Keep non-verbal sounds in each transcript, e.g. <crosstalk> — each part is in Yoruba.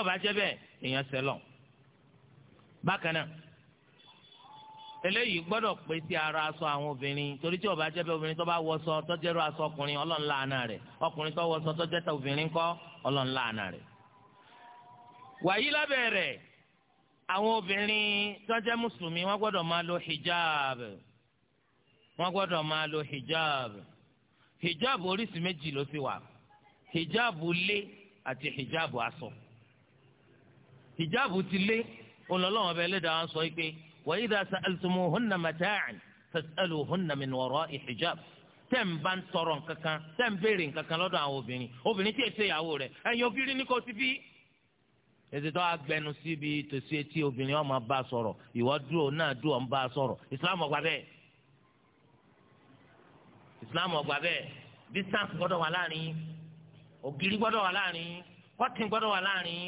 ọba jẹ́ bẹ́ẹ̀ èèyàn sẹ́lọ̀ bákan náà eléyìí gbọ́dọ̀ pé sí ara aṣọ àwọn obìnrin torí tí ọba jẹ́ bẹ́ẹ̀ obìnrin tó bá wọṣọ tó jẹ́rú aṣọ ọkùnrin ọlọ́run láàánà rẹ̀ ọkùnrin tó wọṣọ tó jẹ́ta obìnrin kọ́ ọlọ́run láàánà rẹ̀ wàyí lábẹ́ àwọn obìnrin tó jẹ́ mùsùlùmí wọ́n gbọ́dọ̀ máa lo hijab wọ́n gbọ́dọ̀ máa lo hijab hijab oríṣi méjì ló sì wà hijab ilé àti hijab aṣọ ìjáàbù ti lé ọlọ́lọ́wọ́n bẹ́ẹ̀ lẹ́dàá wọn sọ pé wa idha sa'altumuhunna mata'an fas'aluhunna min wara'i hijab tẹ́ ń bá ń tọrọ nǹkankan tẹ́ ń béèrè nǹkankan lọ́dọ̀ àwọn obìnrin obìnrin tí èso ìyàwó rẹ̀ ẹ̀yin ògiri ní kò ti bí. ètùtù agbẹnu síbi tòsí etí obìnrin ọmọ bá a sọ̀rọ̀ ìwọ dúró náà dúró ń bá a sọ̀rọ̀ ìsìlámù ọgbà bẹ́ẹ̀ ìsìlámù ọgbà bẹ́ẹ̀ distance gbọ́dọ̀ wà láàrin ògiri gbọ́dọ̀ wà láàrin kọ́tìn gbọ́dọ̀ wà láàrin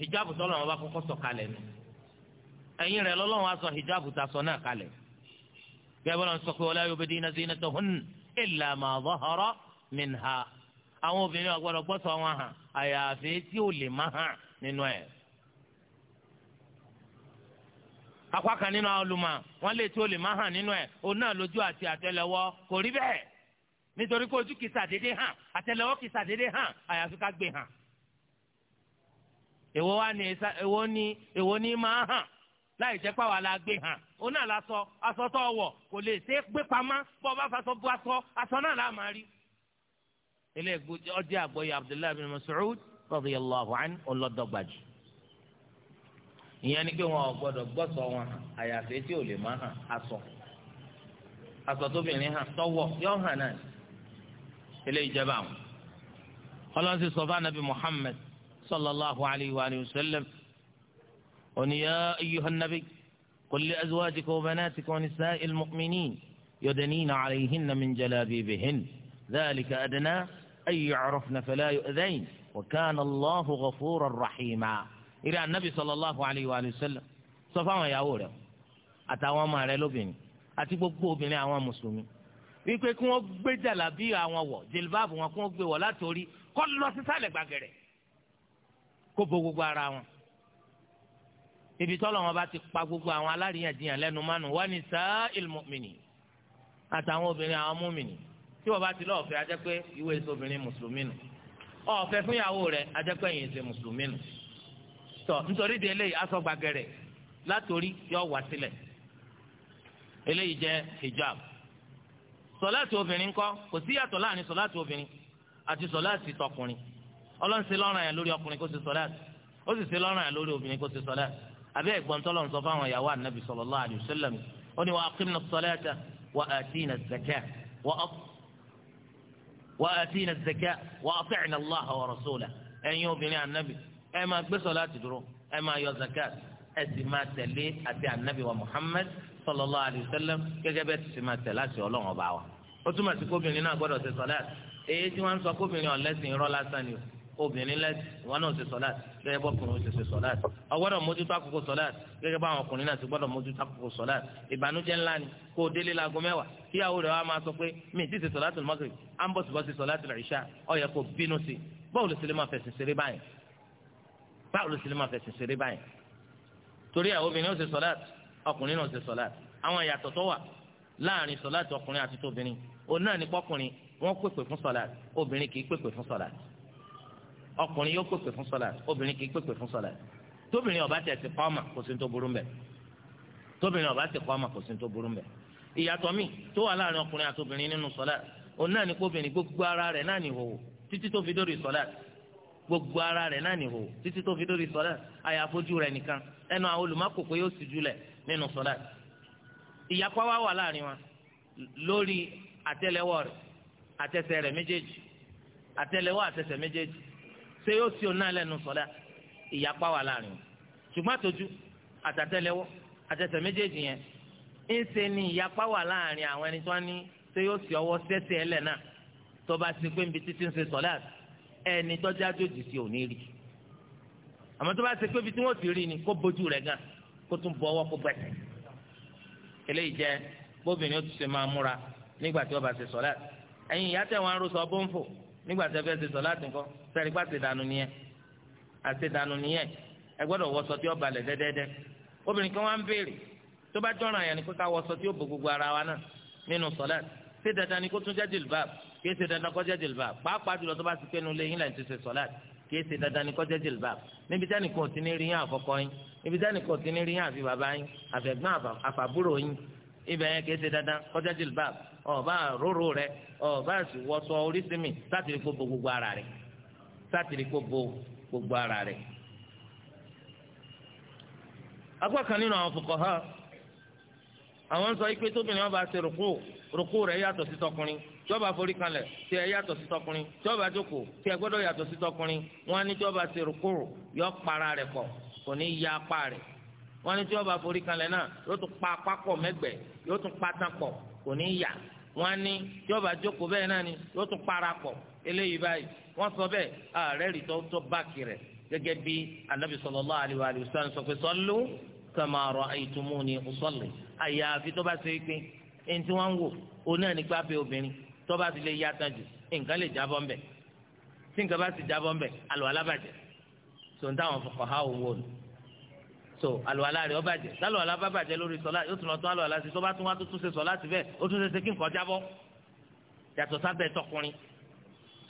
hijabu tọ́lọ̀ wọn bá kọ́kọ́ sọ kalẹ̀ nù ẹ̀yìn rẹ̀ lọ́lọ́run wá sọ hijabu ta sọ náà kalẹ̀ bẹ́ẹ̀ bọ́lá ń sọ pé wala yubdina zinatahunna illa ma zahara minha àwọn obìnrin àgbọ̀dọ̀ gbọ́sọ̀ wọn hàn àyàfi tí ò lè má hàn nínú ẹ̀. apá kan nínú àwọn olùmọ̀ lè tí ò lè má hàn nínú ẹ̀ òun náà lójú àti àtẹlẹwọ́ kò rí bẹ́ẹ̀ nítorí pé ojú kìí sàdédé hàn àtẹlẹwọ́ kìí sàdédé hàn àyàfi ká gbé hàn èwo wá ní èwo ní èwo ní máa hàn láì jẹ́ pàwọ́ la gbé hàn òun náà la sọ aṣọ tó wọ̀ kò lè ṣe é gbé pamọ́ bọ́ bá faṣọ bu aṣọ aṣọ náà la máa rí. ilé ọdẹ àgbọyé Abdullahi bin Mas'ud radiyallahu anhu ọlọ́dọ̀gbàjù. ìyẹn ni pé wọn ò gbọdọ̀ gbọ́sọ̀ wọn àyàfi tí ò lè má hàn aṣọ aṣọ tóbìnrin hàn tọwọ yọ hàn náà ilé ìjẹba àwọn. ọlọ́sìn sọ fún anabi Muhammad sallallahu alayhi wa sallam oníyà ayyuhan nabi kulli azwajika wa banatika wa nisa'il mu'minin yudnina alayhinna min jalabibihin dhalika adna an yu'rafna fala yu'dhayn wa kana allahu ghafuran rahima ìrẹ́ anabi sallallahu alayhi wa sallam sọ fáwọn ìyàwó rẹ̀ àtàwọn ọmọ rẹ̀ lóbìnrin àti gbogbo obìnrin àwọn mùsùlùmí wípé kí wọ́n gbé jàlábí àwọn wọ̀ jìlbáàbù wọn kí wọ́n gbé wọ̀ látòrí kọ́ lọ sí sálẹ̀ gbàgẹ̀rẹ̀ kó bo gbogbo ara wọn ibi tọ́lọ̀ wọn bá ti pa gbogbo àwọn aláríyànjiyàn lẹ́nu mánu wá ní sáà ilmọ̀mìnì àtàwọn obìnrin àwọn múmìnì tí wọ́n bá ti lọ́ọ̀ fẹ́ ajẹ́ pé ìwé èso obìnrin mùsùlùmí nù ọ̀fẹ́ fún ìyàwó rẹ̀ ajẹ́ pé ẹ̀yin ṣe mùsùlùmí nù tọ́ nítorí di eléyìí asọ́gbàgẹ̀rẹ̀ látòrí yọ wá sílẹ̀ eléyìí jẹ́ hijab sọláàtì obìnrin kọ́ kò sí yàtọ̀ láàrin sọláàtì obìnrin àti sọláàtì tọkùnrin ọlọ́run ṣe lọ́ràn yẹn lórí ọkùnrin kó ṣe sọ́láàtì ó sì ṣe lọ́ràn yẹn lórí obìnrin kó ṣe sọ́láàtì àbẹ́ ẹ̀gbọ́n tọ́lọ̀ ń sọ fáwọn ìyàwó ànábì sallallahu alaihi wasallam ó ní wa aqimna as-salata wa atina az-zakata wa atina az-zakata wa ati'na Allaha wa rasulahu ẹ̀yin obìnrin ànábì ẹ máa gbé sọ́láàtì dúró ẹ máa yọ zakat ẹ sì máa tẹ̀lé àti ànábì wa Muhammad sallallahu alaihi wasallam gẹ́gẹ́ bẹ́ẹ̀ sì máa tẹ̀lé àti ọlọ́run ọba wa ó túmọ̀ sí kóbìnrin náà gbọ́dọ̀ ṣe sọ́láàtì obìnrin lẹ́sì ìwọ náà ṣe sọ́láàtì gẹ́gẹ́ bọ́kùnrin ṣe ṣe sọ́láàtì ọgbọ́dọ̀ mójútó àkókò sọ́láàtì gẹ́gẹ́ bá àwọn ọkùnrin náà ti gbọ́dọ̀ mójútó àkókò sọ́láàtì ìbànújẹ́ ńlá ni kó o délé laago mẹ́wàá kí ìyàwó rẹ̀ wá máa sọ pé mi ti ṣe sọ́láàtì mọ́gìrì à ń bọ̀ sí bọ́ sí sọ́láàtì ìṣà ó yẹ kó bínú sí báwo ló ṣe lè máa fẹ̀sìn ṣeré báyìí báwo ló ṣe lè máa fẹ̀sìn ṣeré báyìí torí àwọn obìnrin ó ṣe sọ́láàtì ọkùnrin ọkùnrin yóò pèpè fún sọlá obìnrin kì í pèpè fún sọlá tóbìnrin ọba tẹ̀ sí kọ́ọ̀mà kò sí ní tó burú mbẹ̀ tóbìnrin ọba tẹ̀ kọ́ọ̀mà kò sí ní tó burú mbẹ̀ ìyàtọ̀ mi tó wà láàrin ọkùnrin àti obìnrin nínú sọlá òun náà ní kó obìnrin gbogbo ara rẹ̀ náà ní ìhòòhò títí tó fi dórí sọlá gbogbo ara rẹ̀ náà ní ìhòòhò títí tó fi dórí sọlá àyàfojú rẹ̀ nìkan ẹnu àwọn olùmọ̀kò pé yóò sì júlẹ̀ nínú sọlá ìyapa wa wà láàrin wa lórí àtẹ́lẹwọ́ rẹ̀ àtẹsẹ̀ rẹ̀ méjèèjì àtẹ́lẹwọ́ àtẹsẹ̀ méjèèjì ṣé yóò sí ọ̀nà lẹ́nu sọ̀dá ìyapa wà láàrin ṣùgbọ́n àtọ́jú àtàtẹ́lẹwọ́ àtẹ̀sẹ̀ méjèèjì yẹn ń ṣe ni ìyapa wà láàrin àwọn ẹni tó ń ní ṣé yóò sí ọwọ́ sẹ́sẹ̀ ẹlẹ̀ náà tó bá ti pé níbi títí ń ṣe sọ̀dá ẹni tọ́jú àjòjì sí òní rí àmọ́ tó bá ti pé ibi tí wọ́n ti rí ni kó bójú rẹ̀ gan kó tún bọ ọwọ́ kó gbẹ̀sẹ̀ eléyìí jẹ́ bóbìnrin ó ti ṣe máa múra nígbà tí wọ́n bá ṣe sọ̀dá ẹ̀yin ìyá tẹ̀ wọ́n bó ń fò nígbà tí ṣe sọ̀dá tìǹkan sẹ́ni gbà ṣèdánù nìyẹn àṣedànù nìyẹn ẹ gbọ́dọ̀ wọṣọ tí ó balẹ̀ dẹ́dẹ́dẹ́ obìnrin kan wá ń béèrè tó bá jọ̀ràn yẹn ni pé ká wọṣọ tí ó bo gbogbo ara wa náà nínú sọ̀lát ṣé dandan ni kó tún jẹ́ jìlbáb kìí ṣe dandan kó jẹ́ jìlbáb pàápàá jùlọ tó bá ti pé nu lé yín lẹ́yìn ti ṣe sọ̀lát kìí ṣe dandan ni kó jẹ́ jìlbáb níbi tí ẹnìkan ti ní rí yín àkọ́kọ́ yín níbi tí ẹnìkan ti ní rí yín àfi bàbá yín àfẹ̀gbọ́n àfàbúrò yín ibẹ̀ yẹn kìí ṣe dandan kó jẹ́ jìlbáb ó bá róró rẹ̀ ó bá sì wọṣọ orísìmì láti rí gbogbo gbogbo ara rẹ̀ sátìrì gbogbo gbogbo ara rẹ̀ agbá kan nínú àwọn fuqaha àwọn sọ ikpe tóbìnrin wọn bá ṣe rúkú rúkú rẹ̀ yàtọ̀ sí tọkùnrin tí wọn bá forí kanlẹ̀ tí ẹ yàtọ̀ sí tọkùnrin tí wọn bá jókòó tí ẹ gbọ́dọ̀ yàtọ̀ sí tọkùnrin wọn ní tí wọn bá ṣe rúkú yọ para rẹ̀ pọ̀ kò ní ya apá rẹ̀ wọn ní tí wọn bá forí kanlẹ̀ náà yóò tún pa apá pọ̀ mẹ́gbẹ̀ yóò tún pa tán pọ̀ kò ní ya wọn ní tí wọn bá jókòó bẹ́ẹ̀ náà ni yóò tún para pọ̀ eléyìí báyìí wọ́n sọ bẹ́ẹ̀ ààrẹ rí tó tó báàkì rẹ̀ gẹ́gẹ́ bí anabi sallallahu alaihi wa alihi wasallam sọ pé sallu kama ra'aytumuni usalli àyàfi tó bá ṣe é pé ẹni tí wọ́n ń wò oní ẹnìgbà bẹ obìnrin tó bá ti lè yá tán jù nǹkan lè jábọ́ ńbẹ̀ tí nǹkan bá ti jábọ́ ńbẹ̀ àlùwàlá bàjẹ́ tó ń táwọn fuqaha òun wò ni so àlùwàlá rẹ̀ ó bàjẹ́ lálùwàlá bá bàjẹ́ lórí sọlá yóò tún lọ tún àlùwàlá sí tó bá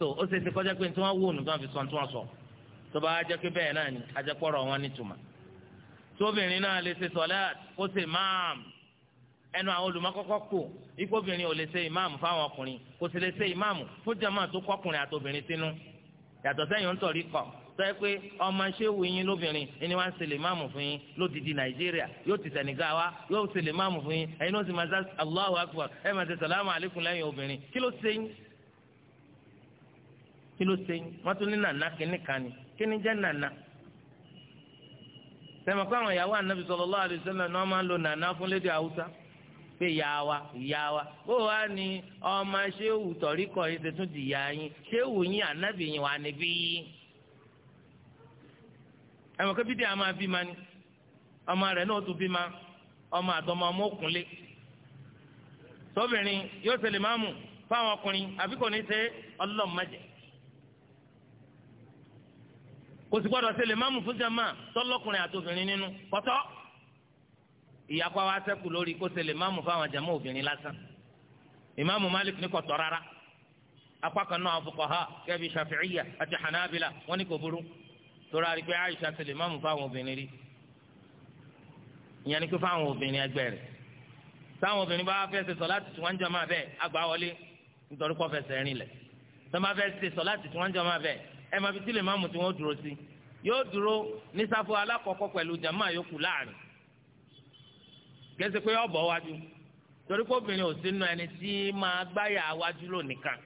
so ó ṣe ṣe kọjá pé tí wọ́n wò nù tí wọ́n fi sọ tí wọ́n sọ tó bá jẹ́ pé bẹ́ẹ̀ náà ni ajẹ́pọ̀rọ̀ wọn nítumọ̀ tóbìnrin náà lè ṣe sọ̀láàt kó ṣe máàmù ẹnu àwọn olùmọ́kọ́kọ́ kù ikú obìnrin ò lè ṣe ìmáàmù fáwọn ọkùnrin kò sì lè ṣe ìmáàmù fún jàmáà tó kọkùnrin àtòbìnrin sínú yàtọ̀ sẹ́yìn ń tọ̀rí kọ̀ sọ pé ọmọ ṣéwù yín lóbìnrin ẹni wá ń ṣe lè máàmù fún yín lódìdí nàìjíríà yóò ti Senegal wá yóò ṣe lè máàmù fún yín ẹ̀yin náà sì máa ṣe Allahu Akbar ẹ̀ máa ṣe sàlámù alaykum lẹ́yìn obìnrin kí ló ṣe yín kí ló ṣe wọ́n tún ní nàná kínní kan ni kínní nna. nàná sẹ́mi pé àwọn ìyàwó ànábì sallallahu alaihi wasallam ni wọ́n máa ń lo nàná fún lédè haúsá pé di ya yín yín Anabi yín wà níbí yín a máa bí ma ni ọmọ rẹ̀ náà tún bí ma ọmọ àtọmọ ọmọ òkúnlé sóbìnrin yóò ṣe lè máa mú fáwọn ọkùnrin kò sì gbọ́dọ̀ ṣe lè má mú fún jama tọ́lọ́kùnrin àtòbìnrin nínú pọ́tọ́ ìyapa wa ṣẹ́kù lórí kó ṣe lè má mú jama obìnrin lásán ìmáàmù Malik ní kò tọ́ rárá apá kan náà fuqaha kẹ́bi Shafi'iyya àti Hanabila wọ́n ní kò burú torí a rí pé Aisha ṣe lè má mú fáwọn obìnrin rí ìyẹn ni kí fáwọn obìnrin ẹgbẹ́ rẹ̀ táwọn obìnrin bá fẹ́ ṣe sọ̀láàtì tí wọ́n jọ máa bẹ́ẹ̀ àgbà nítorí kọ́ fẹsẹ̀ rìn lẹ̀ tó máa fẹ́ ṣe sọ̀láàtì tí wọ́n jọ máa bẹ́ẹ̀ ẹ máa fi sílẹ̀ máàmù tí wọ́n dúró sí yóò dúró ní sáfù alákọ̀ọ́kọ́ pẹ̀lú jàmá yòókù láàrin kẹsì pé ọ̀bọ̀ wájú torí pé obìnrin ò sínú ẹni tí máa gbáyà wájú lónìkan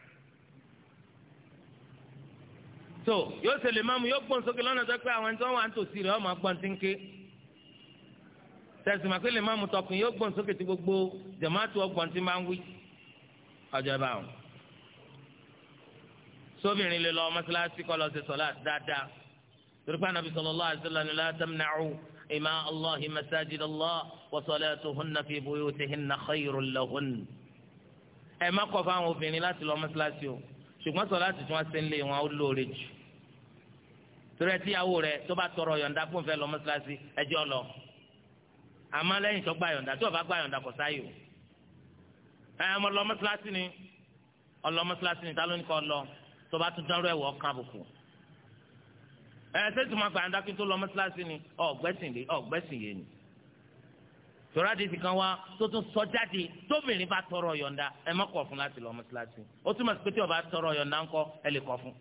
so yóò ṣe lè máàmù yóò gbọ́n sókè lọ́nà tó pé àwọn ẹni tó wà ń tòsí rẹ̀ ọmọ gbọ́n ti ń ké tẹ̀sí màkìlì tọkùn yóò gbọ́n sókè tí gbogbo jàmá tó ọgbọ́n ti máa ń wí ọjọ́ báwọn sóbìnrin lè lọ mọ́sálásí kọ́ lọ sí sọ́lá dáadáa turpa nabi sallallahu alayhi wa sallam la tamna'u ima allahi masajid allah wa salatuhunna fi buyutihinna khayrun lahun. ẹ má kọ̀ fáwọn obìnrin láti lọ mọ́sálásí o ṣùgbọ́n sọ láti tún wá sí ilé wọn ó lóore jù torí ẹ tíyàwó rẹ tó bá tọrọ yọ̀ǹda fún ìfẹ́ lọ mọ́sálásí ẹjọ́ lọ àmọ́ lẹ́yìn tó gba yọ̀ǹda tó bá gba yọ̀ǹda kò sáyò ẹ ọmọ lọ mọ́sálásí ni ọlọ mọ́sálásí ni ta ló ní kọ́ lọ tó bá tún dánrọ ẹ̀wọ̀ kan àbùkù ẹ sẹ́tù máa gbàǹdà kí tó lọ mọ́sálásí ni ọ̀gbẹ́sìn yé ni tọ́lá àdìsí kan wá tó tún sọ jáde tóbìnrin bá tọrọ ọ̀yọ̀ǹda ẹ má kọ̀ fún láti lọ mọ́sálásí ó túmọ̀ sí pé tí ó bá tọrọ ọ̀yọ̀ǹda ńkọ́ ẹ lè kọ̀ fún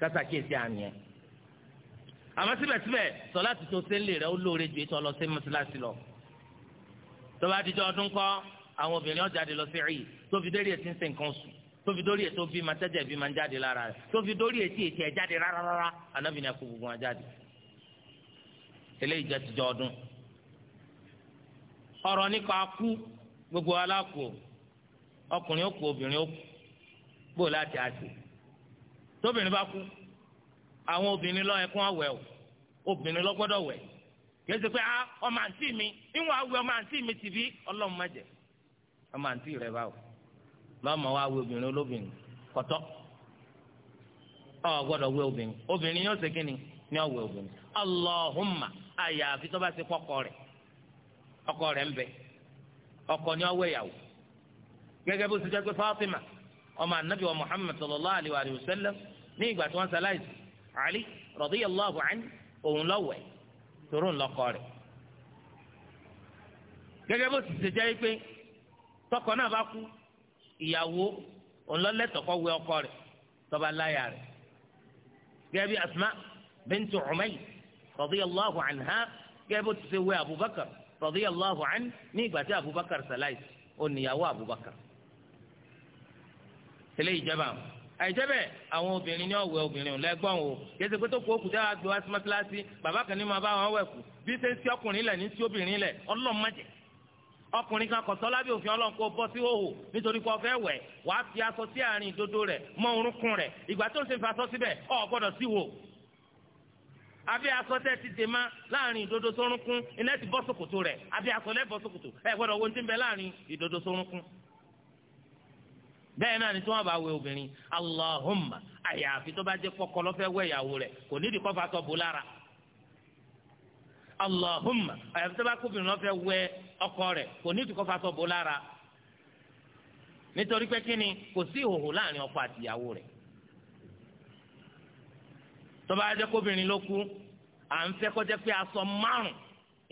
kásàkíyèsí àmì ẹ̀ àmọ́ síbẹ̀síbẹ̀ sọlá ti tó sẹ́ńlẹ̀ rẹ ó lóore ju ètò ọlọ́sẹ́ mọ́sálásí lọ. tọ́ba àdìjọ ọdún kọ́ àwọn obìnrin ọ̀jáde tó fi dórí ètò bímọ ma bímọ jáde lára rẹ̀ tó dórí ètí ètí ẹ̀ jáde anábì ní ẹ̀kú gbogbo wọn jáde eléyìí jẹ́ tijọ́ ọdún ọ̀rọ̀ nípa kú gbogbo aláko ọkùnrin ó kú obìnrin ó kú gbò láti àṣì tóbìnrin bá kú àwọn obìnrin o obìnrin lọ ah, mi lọ́mọ wa wé obìnrin olóbìnrin kọ̀tọ́ ọ gbọ́dọ̀ wé obìnrin obìnrin yóò ṣe kínni ni ọ obìnrin Allahumma àyàfi tó bá ṣe kọ́kọ rẹ̀ ọkọ rẹ̀ ń bẹ ọkọ ni ìyàwó bó Fatima ọmọ anabi wa Muhammad sallallahu alayhi wa sallam ní ìgbà tí wọ́n Ali radiyallahu anhu òun lọ́wẹ̀ bó ìyàwó ònlọ́lẹ́tọ̀ kọ́ wẹ ọkọ rẹ̀ tọba láyà rẹ̀ gẹ́gẹ́ bí asma bintu umayr radiyallahu anha gẹ́gẹ́ bó ti ṣe wẹ abubakar radiyallahu anhu ní ìgbà tí abubakar salais oníyàwó abubakar tẹ́lẹ̀ ìjẹba àìjẹbẹ àwọn obìnrin ní ọwẹ obìnrin lẹgbọn o yẹsẹ pé tó kó òkú dáhà gbé wá sí mọ́tíláṣí bàbá kan ní ma bá wọn wẹ̀ kú bí sẹ́ńsì ọkùnrin lẹ̀ ní sí obìnrin lẹ̀ ọlọ́mọdé ọkùnrin kan kọ̀tọ́ lábẹ́ òfin ọlọ́run kó bọ́ sí òhò nítorí pé ọfẹ́ wẹ̀ wàá fi aṣọ sí àárín ìdodo rẹ̀ mọ orúnkún rẹ̀ ìgbà tó ń ṣe fa aṣọ síbẹ̀ ọ̀ gbọ́dọ̀ sí wò. abẹ́ aṣọ tẹ́ ti dè má láàrin ìdodo tó rúnkún iná ti bọ́ sòkòtò rẹ̀ abẹ́ aṣọ lẹ́ bọ́ sòkòtò ẹ gbọ́dọ̀ wo ti ń bẹ láàrin ìdodo tó rúnkún. bẹ́ẹ̀ náà ni tí wọ́n bá wẹ obìnrin Allahumma àyàfi tó bá jẹ́ pọ́kọ lọ́fẹ́ wẹ̀ ìyàwó rẹ̀ kò nídìí kọ́ fa aṣọ bò lára allahumma àyàfi tó bá kóbìnrin náà fẹ́ wẹ ọkọ rẹ̀ kò ní ìdíkọ́ fasọ bò lára nítorí pé kíni kò sí ìhòhò láàrin ọkọ àtìyàwó rẹ̀ tó bá jẹ́ kóbìnrin ló kú à ń fẹ́ kó pé aṣọ márùn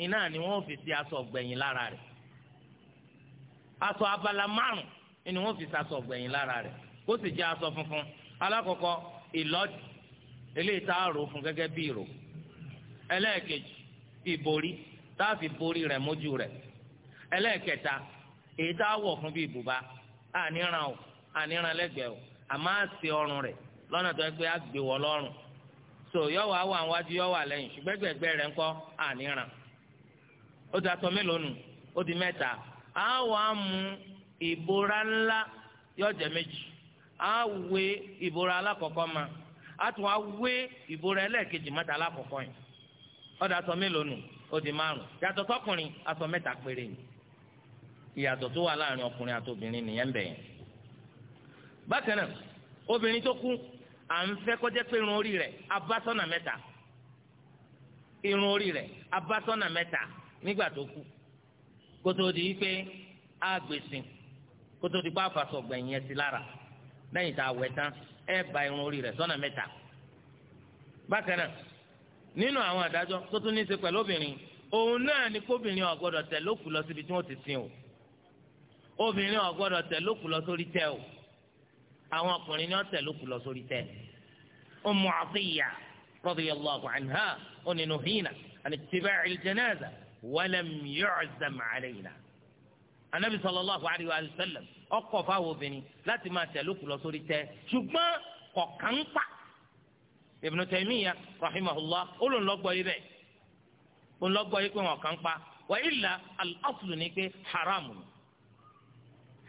iná ni wọ́n fi sí aṣọ gbẹ̀yìn lára rẹ̀ aṣọ abala márùn ni wọ́n fi sí aṣọ gbẹ̀yìn lára rẹ̀ kó sì jẹ́ aṣọ funfun alákọ̀ọ́kọ́ ìlọ́dì eléyìí tá a rò fún gẹ́gẹ́ bí ìrò ẹlẹ́ẹ̀kejì ìborí tá a fi borí rẹ̀ mójú rẹ̀ ẹlẹ́ẹ̀kẹta èyí tá a wọ̀ fún bí ibùba àníran o àníran lẹ́gbẹ̀ẹ́ o àmọ́ àṣẹ ọrùn rẹ̀ lọ́nà tó ń pẹ́ àgbèwọ̀ lọ́rùn so yọ̀wọ̀ àwọn àwájú yọ̀wọ̀ àlẹ́yìn ṣùgbọ́n gbẹ̀gbẹ́ rẹ̀ ń kọ́ àníran ó ti atọ́ mélòó nù ó di mẹ́ta àwọn amú ìbora ńlá yọjẹ méjì àwé ìbora alákọ̀ọ́kọ́ ma àtún àwé ìbora ẹlẹ́ẹ̀kejì mọ́ta alákọ̀ọ́kọ́ yìí Ọ aṣọ mélòó nù ó di márùn yàtọ̀ sọkùnrin aṣọ mẹ́ta péré ni ìyàtọ̀ tó wà láàrin ọkùnrin àti obìnrin nìyẹn bẹ̀yẹn. bákan náà obìnrin tó kú à ń kọjá pé irun orí irun orí rẹ̀ abásọ́nà mẹ́ta nígbà tó kú kótó di pé a gbèsè kótó di pé àfàsọ gbẹ̀yìn ẹsẹ̀ lára lẹ́yìn tá a irun orí rẹ̀ sọ́nà mẹ́ta bákan náà nínú àwọn àdájọ́ tó tún ní í ṣe pẹ̀lú obìnrin òun náà ni kóbìnrin ọ̀gbọ́dọ̀ tẹ̀ lókù lọ síbi tí wọ́n ti sin o obìnrin ọ̀gbọ́dọ̀ tẹ̀ lókù lọ sórí tẹ́ o àwọn ọkùnrin náà tẹ̀ lókù lọ sórí tẹ́ Ummu Atiyya radiyallahu anha ó ní nuhina an ittiba'i al-janaza walam yu'zam alayna anabi sallallahu alayhi ó kọ̀ fáwọn obìnrin láti máa tẹ̀ lókù lọ sórí Ibn Taymiyyah rahimahullah ó ló ń lọ́gbọ́ yìí bẹ́ẹ̀ ó ń lọ́gbọ́ yìí pé wọn kàn pa wa illa al-aslu ni pé haramu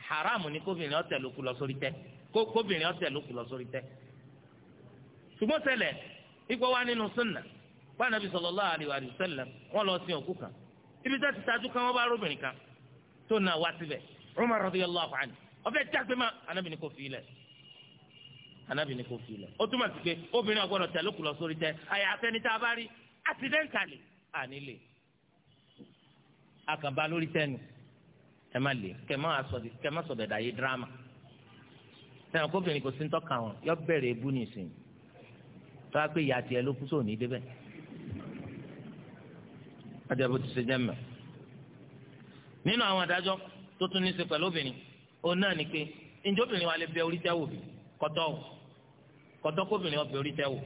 haramu ni kóbìnrin ọ̀tẹ̀ ló kú lọ sórí tẹ́ kóbìnrin ọ̀tẹ̀ ló kú lọ sórí tẹ́ ṣùgbọ́n sẹlẹ̀ ipò wa nínú sunna báyìí nàbí sallallahu alaihi wa sallam wọn lọ sin òkú kan ibi tá ti tajú kan wọn bá róbìnrin kan tó na wá síbẹ̀ Umar radiyallahu anhu anabi ni kò fi o ó túmọ̀ sí pé obìnrin ọgbọ́dọ̀ tẹ̀lé kù lọ sórí tẹ àyà àtẹni tá a bá rí accidentally àní lè àkànbá lórí tẹnu ẹ má lè kẹ má sọdẹ dàyé drama sẹ́wọ̀n kóbìnrin kò sí ń tọ́ka wọn yọ bẹ̀rẹ̀ ebú nìsín tó a pé ìyá tiẹ̀ ló kú sóòní débẹ̀ adébó ti ṣe jẹ́ mẹ́ nínú àwọn adájọ́ tó tún ní í ṣe pẹ̀lú obìnrin òun náà ni pé ǹjẹ́ obìnrin wa lè bẹ orí tẹ́wò bí kọ́tọ́ o kọtọkọbìnrin ọbẹ orí tẹwò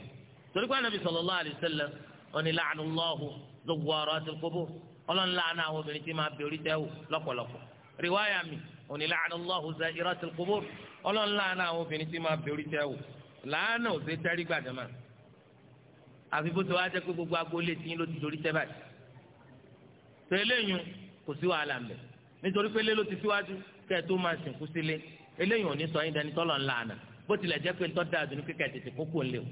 torí pé anabi sallallahu alaihi wasallam ọni la'anallahu zawwaratil qubur Ọlọ́run la'ana àwọn obìnrin tí máa bẹ orí tẹwò lọ́pọ̀lọpọ̀ riwaya mi ọni la'anallahu za'iratil qubur Ọlọ́run la'ana àwọn obìnrin tí máa bẹ orí tẹwò làánà òsè tẹrí gbàdàmà àfi bó ti wá jẹ pé gbogbo agboolé tí ló ti dorí tẹ báyìí tẹlẹyìn kò sí wàhálà mbẹ nítorí pé lé ló ti síwájú kẹ tó máa sìnkú sílé eléyìí ò ní sọ yín dání tọ́lọ̀ ńlá bó tilẹ̀ jẹ́ pé ńtọ́ dáa dunu kíkà tètè kókó ńlẹ̀ o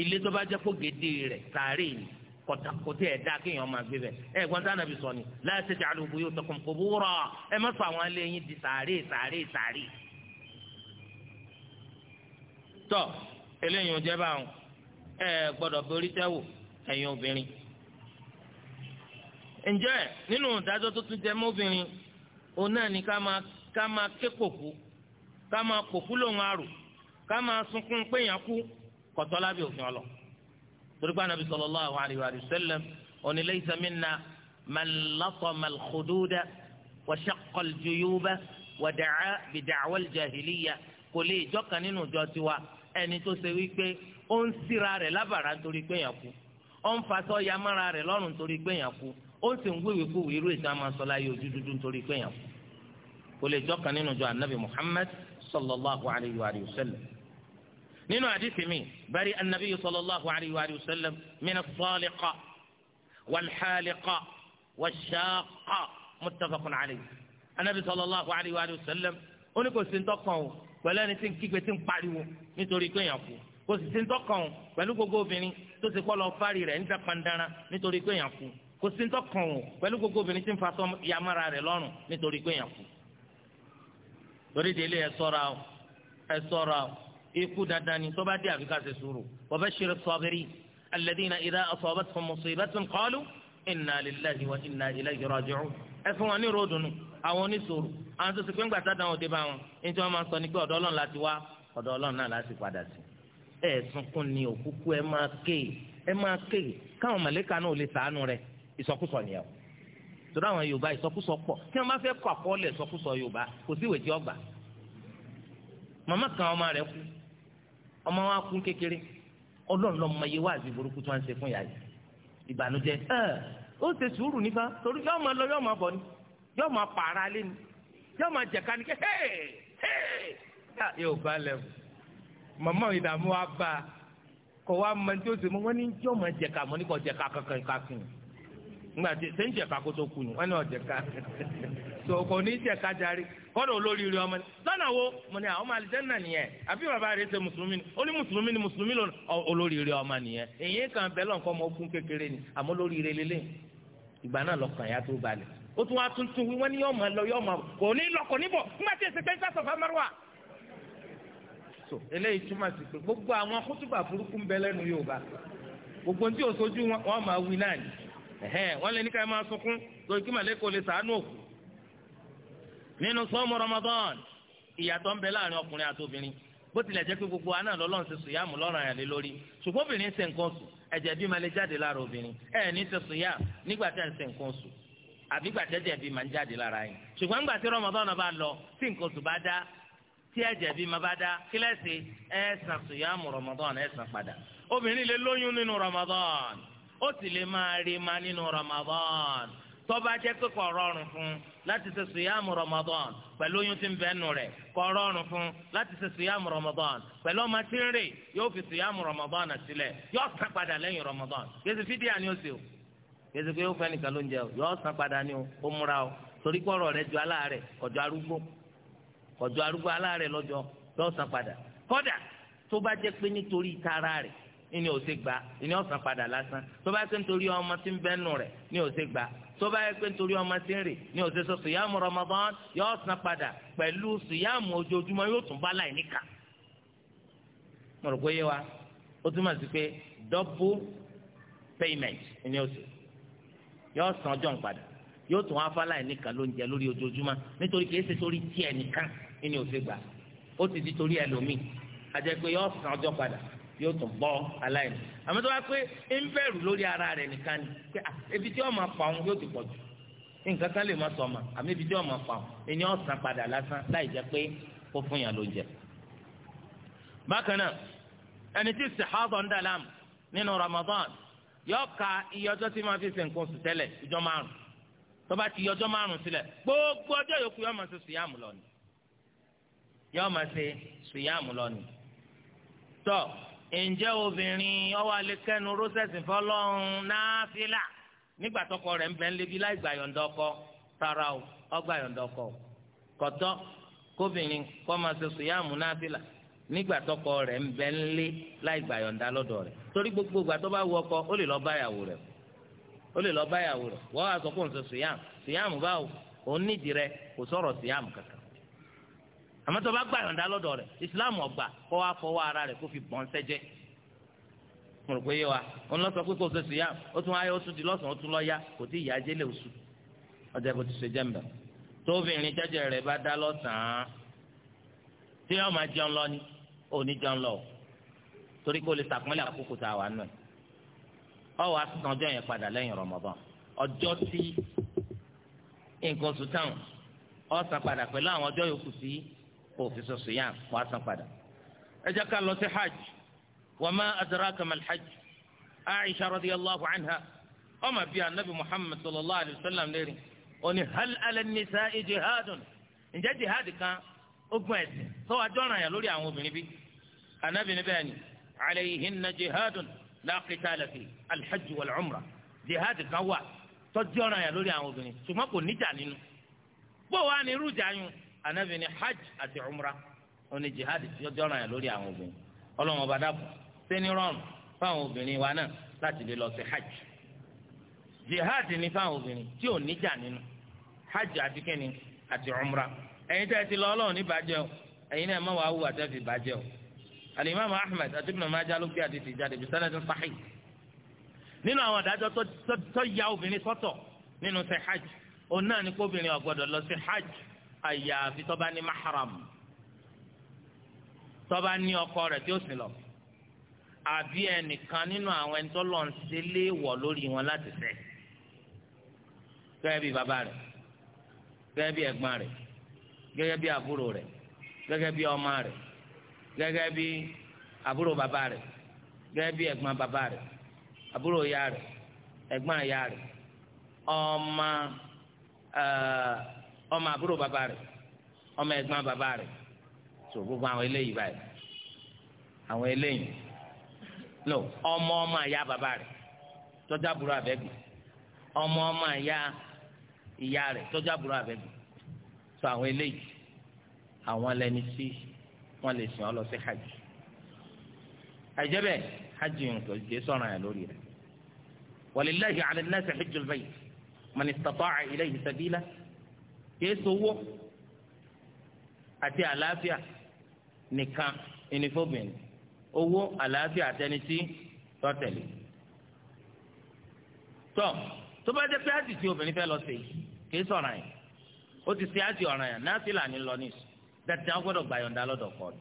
ilé tó bá jẹ́ kó gédé rẹ̀ sàárè ni kọ̀tàkùtì ẹ̀dá kéèyàn máa gbé bẹ̀ ẹ̀ gbọ́n tá ànàbì sọ ni la taj'alu buyutakum qubura ẹ má sọ àwọn alẹ́ yín di sàárè sàárè sàárè. tọ́ eléyìí ò jẹ́ báwọn ẹ gbọ́dọ̀ borí tẹ́wò ẹ̀yin obìnrin. ǹjẹ́ nínú ìdájọ́ tó tún jẹ mọ́ òun náà ni ká máa ké kòkó ká máa kòkú lòun àrò ká máa sunkún péyàn kú kọ̀tọ́ lábẹ́ òfin ọlọ. torí pé anabi sallallahu alayhi wa sallam oni laysa minna man latama al-khududa wa shaqqa al-juyuba wa da'a bi da'wa al-jahiliya kò lè jọ kan nínú ìjọ tiwa ẹni tó ṣe wípé ó ń síra rẹ̀ lábàrá nítorí péyàn kú ó ń fasọ yamára rẹ̀ lọ́rùn nítorí péyàn ó sì ń wíwèé kú irú ìtàn máa dúdú nítorí péyàn kò lè jọ nínú ìjọ anabi muhammad sallallahu alayhi wa sallam nínú àdìsí mi bari anabi sallallahu alayhi wa sallam mina saliqa walxaaliqa washaaqa muttafaqun alayhi anabi sallallahu alayhi wa sallam ó ní kò sí ntọ́kàn o pẹ̀lú ẹni tí ń kígbe tí ń pariwo nítorí pé èèyàn kú kò sì sí ntọ́kàn o pẹ̀lú gbogbo obìnrin tó ti kọ́ lọ fárí rẹ̀ níta pandara nítorí pé èèyàn kú kò sí ntọ́kàn o pẹ̀lú gbogbo obìnrin tí ń fa sọ yamara rẹ̀ lọ́rùn nítorí pé èèyàn kú torí délé ẹ ṣọ́ra o ẹ ṣọ́ra o ikú dandan ni tó bá dé àfi ká ṣe sùúrù wa bashiri sabirin alladhina idha asabatuhum musibatun qalu inna lillahi wa inna ilayhi raji'un ẹ fún wọn ní ròdùnú àwọn oníṣòro àwọn tó ti pé ńgbà sádàn òde bá wọn ní wọn máa sọ ni pé ọ̀dọ̀ Ọlọ́run láti wá ọ̀dọ̀ Ọlọ́run náà láti padà sí ẹ sunkún ni òkúkú ẹ máa ké ẹ máa ké káwọn mọlẹka náà ò torí àwọn yorùbá ìsọkúsọ pọ̀ tí wọ́n bá fẹ́ kọ àkọọ́lẹ̀ ìsọkúsọ yorùbá kò sí ìwé tí ó gbà màmá kan ọmọ rẹ̀ kú ọmọ wa kú kékeré ọlọ́run lọ́mọ ayé wa àti burúkú tí wọ́n ń ṣe fún yàrá ìbànújẹ́ ẹ ó ṣe sùúrù nípa torí yóò máa lọ yóò máa bọ̀ ni yóò máa pààrà alẹ́ ni yóò máa jẹ̀ka ni kẹ́ hẹ́ẹ̀ hẹ́ẹ̀ yá yóò bá lẹ́wọ̀ màmá ìdààmú wa bá a kọ̀ wá mọ tí ó ṣe mọ́ wọ́n ní yóò máa jẹ̀ka mọ́ ní kò jẹ̀ka kankan kankan ngba tí ṣe ń jẹka kó tó kù ni wọn ní ọjẹka so kò ní jẹka jarí kọ́dọ̀ olórí rẹ ọmọ ní lọ́nà wo mo ní àwọn alìjẹ́nà nìyẹn àbí bàbá rẹ ṣe mùsùlùmí ni ó ní mùsùlùmí ni mùsùlùmí lọ olórí rẹ ọmọ nìyẹn èyí kan bẹ́ẹ̀ lọ́nkọ́ ọmọ ogun kékeré ni àmọ́ olórí rẹ lélẹ̀ ìgbà náà lọ́kàn ya tó balẹ̀ ó tún wá tuntun wí wọ́n ní yọ̀ọ̀mọ̀ lọ yọ̀ọ̀mọ̀ kò ní lọ́kọ̀ níbọ̀ nígbà tí èsì pé ń fámárùwà so eléyìí túmọ̀ sí pé gbogbo àwọn kútùbà burúkú ń bẹ lẹ́nu Yorùbá ẹ̀hẹ́n wọ́n lé ní ká ẹ máa sunkún tó kí màlẹ́kọ̀ lè sàánú òkú nínú sọ́ọ̀mù Ramadan ìyàtọ̀ ń bẹ láàrin ọkùnrin àti obìnrin bó tilẹ̀ jẹ́ pé gbogbo aná lọ́lọ́run ṣe sùyàmù lọ́rùn àyàn lé lórí ṣùgbọ́n obìnrin ṣe nǹkan oṣù ẹ̀jẹ̀ bí máa lè jáde lára obìnrin ẹ̀ ní ṣe sùyàmù nígbà tẹ́ ń ṣe nǹkan oṣù àbí gbà tẹ́jẹ̀ bí máa ń jáde lára yín ṣùgbọ́n nígbà tí Ramadan bá lọ tí nǹkan oṣù bá dá tí ẹ̀jẹ̀ bí máa bá dá kílẹ̀sì ẹ̀ ṣàṣùyàmù Ramadan ẹ̀ ṣàn obìnrin lè lóyún nínú Ramadan ó sì lè máa rí ma nínú Ramadan tó bá jẹ́ pé kò rọrùn fún un láti ṣe sùyàmù Ramadan pẹ̀lú oyún tí ń bẹ nù rẹ̀ kò rọrùn fún un láti ṣe sùyàmù Ramadan pẹ̀lú ọmọ tí ń rè yóò fi sùyàmù Ramadan sílẹ̀ yóò san padà lẹ́yìn Ramadan yéésì fídíà ni ó sì o yéésì pé ó fẹ́ nìkan ló ń jẹ o yóò san padà ni ó múra o torí pọ̀rọ̀ rẹ̀ ju aláàrẹ̀ kọjọ arúgbó kọjọ arúgbó aláàrẹ̀ lọ́jọ́ yóò san padà kódà tó bá jẹ́ pé nítorí ìtara rẹ̀ ni ò ṣe gbà ni ọ̀sán padà lásán tó bá ṣe nítorí ọmọ tí ń bẹ́nu rẹ̀ ni ò ṣe gbà tó bá yẹ pé nítorí ọmọ tí ń rè ni ò ṣe sọ sùyàmù Ramadan yọ ọ̀sán padà pẹ̀lú sùyàmù ojoojúmọ́ yóò tún bá láì níkà. mo rò pé yé wa ó túmọ̀ sí pé double payment ni ó ṣe yọ ọ̀sán ọjọ́ ń padà yóò tún wá fáláì níkà ló ń jẹ lórí ojoojúmọ́ nítorí kìí ṣe torí tiẹ̀ nìkan ni ò ṣe gbà ó ti di torí ẹlòmíì àjẹpẹ́ yọ ọ̀sán ọjọ́ padà yóò tún bọ́ aláìní àmọ́ tó bá pé ń bẹ̀rù lórí ara rẹ̀ nìkan ni pé ah, ebi tí ọmọ pa òun yóò ti pọ̀ jù nǹkan kan lè má sọ ọmọ àmọ́ ebi tí ọmọ pa òun ẹni ọ̀sán padà lásán láì jẹ́ pé kó fún yàn ló ń jẹ. bákan náà ẹni tí sèhábọ̀ ń dàlám nínú Ramadan yóò ka iye ọjọ́ tí máa fi ṣe nǹkan oṣù tẹ́lẹ̀ ìjọ márùn tó bá ti iye ọjọ́ márùn sílẹ̀ gbogbo ǹjẹ́ obìnrin ọwọ́ alẹ́ rọ́sẹ̀sì fọlọ́run náfìlà nígbà tọkọ rẹ̀ ń bẹ́ ń lebi láì ọkọ tara o ọgbà yọ̀ǹda ọkọ o kọ̀tọ́ kóbìnrin kọ́ máa ṣe sùyàmù náfìlà nígbà tọkọ rẹ̀ ń ń lé láì lọ́dọ̀ rẹ̀ torí gbogbo ìgbà tó bá ọkọ ó lè lọ rẹ̀ àmọ́ tó bá gbà yọ̀ǹda lọ́dọ̀ rẹ̀ ìsìláàmù ọ̀gbà kọ́ wa fọwọ́ ara rẹ̀ kó fi bọ́n sẹ́jẹ́ mo rò pé yé wa òun lọ sọ pé kò sọ̀sọ̀ yá ó tún ayé ó tún di lọ́sàn ó tún lọ́ yá kò tí ì yá oṣù ọjà bó ti ṣe jẹ́ mbẹ́ tóbìnrin jẹ́jẹ́ rẹ̀ bá dá lọ́sàn-án tí yóò máa jẹun lọ ni ò ní jẹun lọ torí kó lè sàkúnlẹ̀ àkókò tá a wà nù ẹ̀ ọ wàá sàn ọjọ́ yẹn padà lẹ́yìn Ramadan ọjọ́ tí nǹkan sùn táwọn ọ sàn pẹ̀lú àwọn ọjọ́ yòókù sí kó fi sọ siyam wàá san padà. ẹ jẹ́ ká lọ sí hajj wa ma adraka mal hajj aisha radiyallahu anha ọmọ bíi anabi muhammad sallallahu alayhi wa sallam lérí òní hal ala nisa'i jihadun ǹjẹ́ jihad kan ogun ẹ̀sìn tó wàá jọ́ràn yà lórí àwọn obìnrin bí anabi ni bẹ́ẹ̀ ni alayhinna jihadun la qitala alhajj wal umra jihad kan wà tó jọ́ràn yà lórí àwọn obìnrin ṣùgbọ́n kò níjà nínú bó wàá ní irú jà yún anabi ni hajj àti umra oní jihad tí ó jọ́ràn yẹn lórí àwọn obìnrin ọlọ́run ọba dàbọ̀ sẹ́ni rọrùn fáwọn obìnrin wa náà láti lè lọ sí hajj jihad ni fáwọn obìnrin tí ò níjà nínú hajj àti kínní àti umra ẹ̀yin tẹ́ ẹ ti lọ ọlọ́run ní bàjẹ́ o ẹ̀yin náà ẹ má wàá wù àti ẹ fi bàjẹ́ o alimami ahmed àti ibùdó máa já lókè àti ìtìjáde bí sanadin sahih nínú àwọn àdájọ́ tó ya obìnrin sọ́tọ̀ nínú sí hajj òun náà ni kó obìnrin ò lọ sí hajj Aya tó bá ní mahram tó bá ní ọkọ rẹ̀ tí ó sìn lọ àbí ẹnìkan nínú àwọn ẹni tó lọ ń ṣe léèwọ̀ lórí wọn láti fẹ́ gẹ́gẹ́ bí bàbá rẹ̀ gẹ́gẹ́ bí ẹ̀gbọ́n rẹ̀ gẹ́gẹ́ bí àbúrò rẹ̀ gẹ́gẹ́ bí ọmọ rẹ̀ gẹ́gẹ́ bí àbúrò bàbá rẹ̀ gẹ́gẹ́ bí ẹ̀gbọ́n bàbá rẹ̀ àbúrò ya rẹ̀ ẹ̀gbọ́n ya rẹ̀ ọmọ ọmọ àbúrò bàbá rẹ̀ ọmọ ẹ̀gbọ́n bàbá rẹ̀ tó gbogbo àwọn eléyìí báyìí àwọn eléyìí no ọmọ ọmọ àyà bàbá rẹ̀ tọ́jà àbúrò àbẹ́bí ọmọ ọmọ àyà ìyá rẹ̀ tọ́jà àbúrò àbẹ́bí tó àwọn eléyìí àwọn lẹni tí wọ́n lè sìn ọ́ lọ sí hajj àìjẹ́bẹ̀ hajj yìí kò jẹ́ sọ̀ràn yà lórí rẹ̀ walillahi ala nnasi hajjul bayt man istata'a ilayhi sabila kìí sowó àti àlàáfíà nìkan ìnífọ̀bìnrin owó àlàáfíà àtẹni tí tọ́tẹ̀lé tọ́ tó bá jẹ́ pé àti tí obìnrin fẹ́ lọ sí kìí sọ̀ràn yẹn ó ti ṣe àti ọ̀ràn yẹn náà sì là ní lọ nìṣó dandan gbọ́dọ̀ gba yọ̀ǹda lọ́dọ̀ kọ́ ọ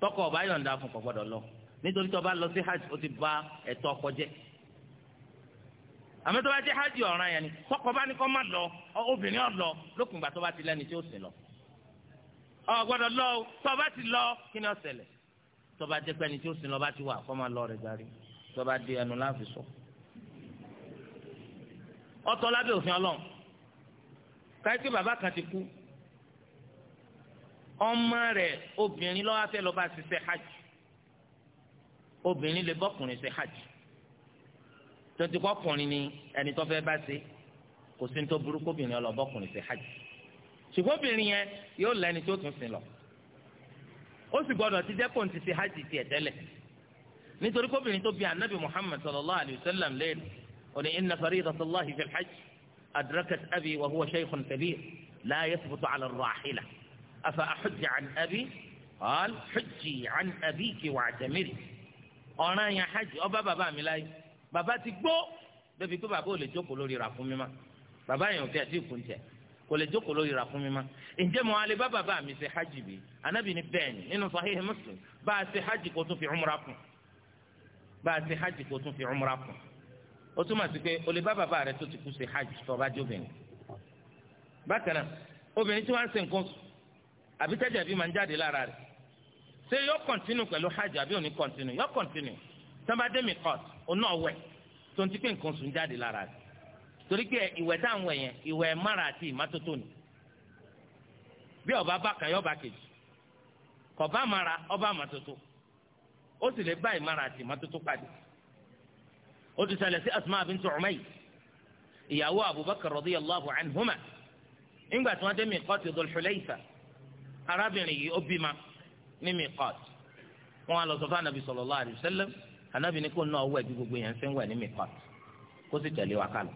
tọkọ ọba yọ̀ǹda fún kọ́ gbọ́dọ̀ lọ nítorí tó bá lọ sí hajj ó ti bà ẹ̀tọ́ ọkọ jẹ́ àmọ́ tó bá jẹ́ hajj ọ̀ràn yẹn ni kọ́kọ́ bá ní kọ́ má lọ obìnrin ọ̀ lọ lókun ìgbà tó bá ti lẹ́ni tí ó sì lọ. ọ gbọ́dọ̀ lọ o tó bá ti lọ kí ni ó ṣẹlẹ̀ tó bá jẹ́ pé ẹni tí ó sì lọ bá ti wà kọ́ má lọ rẹ̀ gàrí tó bá di ẹnu láàfin sọ. ọtọ lábẹ́ òfin Ọlọ́run káyọ̀kẹ́ bàbá kan ti kú ọmọ rẹ̀ obìnrin lọ́wọ́ fẹ́ lọ ṣiṣẹ́ hajj obìnrin lè bọ́kùnrin ṣe hajj tonti kọkùnrin ni ẹni tó fẹ́ bá ṣe kò sí ní tó burú kóbìnrin ọlọ́bọ̀kùnrin ṣe hajj ṣùgbọ́n obìnrin yẹn yóò lẹ́ni tó tún sin lọ ó sì gbọ́dọ̀ ti jẹ́ kóun ti ṣe hajj tiẹ̀ tẹ́lẹ̀ nítorí kóbìnrin tó bi anabi muhammad sallallahu alayhi wa sallam lẹ́nu òní inna faridatallahi fil hajj adrakat abi wa huwa shaykhun kabir la yathbutu ala rahila afa ahujja an abi qaal hujji an abiki wa ajamiri ọ̀ràn hajj ọba bàbá mi láyé bàbá ti gbó débi pé bàbá ò lè jókòó lórí rà fún mi ma bàbá yẹn ò tẹ àti ìkùn tẹ kò lè jókòó lórí rà fún mi ma ǹjẹ́ mo alẹ́ bá bàbá mi ṣe hajj bi anabi ni bẹ́ẹ̀ nínú sahih muslim bá a ṣe hajj kó tún fi umra kún bá a ṣe hajj kó tún fi umra kún o tún ma sí pé o lè bá bàbá rẹ tó ti kú ṣe hajj tó bá jóbìnrin bákan náà obìnrin tí wọ́n ń ṣe nǹkan sùn àbí tẹ́jà bí máa ń jáde lára rẹ̀ ṣé yọ kọ̀ntínú pẹ̀lú hajj àbí òní kọ̀ntínú yọ kọ̀ntínú sábàdé mi kọ́ọ̀tù òun náà wẹ̀ tó ń ti pé nǹkan sùn jáde lára rẹ̀ torí pé ìwẹ̀ tá à ń wẹ̀ yẹn ìwẹ̀ mára àti ìmọ́tótó ni bí ọba bá kàn yọ ọba kejì kọba àmàrà ọba àmàtótó ó sì lè bá ìmàrà àti ìmọ́tótó pàdé ó ti ṣẹlẹ̀ sí Asma bintu Umayr ìyàwó Abubakar radiyallahu anhuma nígbà tí wọ́n dé miqati Dhul Hulayfa arábìnrin yìí ó bímọ ní miqati wọ́n á lọ sọ fún anabi sallallahu alayhi anabi ní kó náà wẹ̀ bí gbogbo yẹn ṣe ń wẹ̀ ní miqat kó sì tẹ̀lé wa kálọ.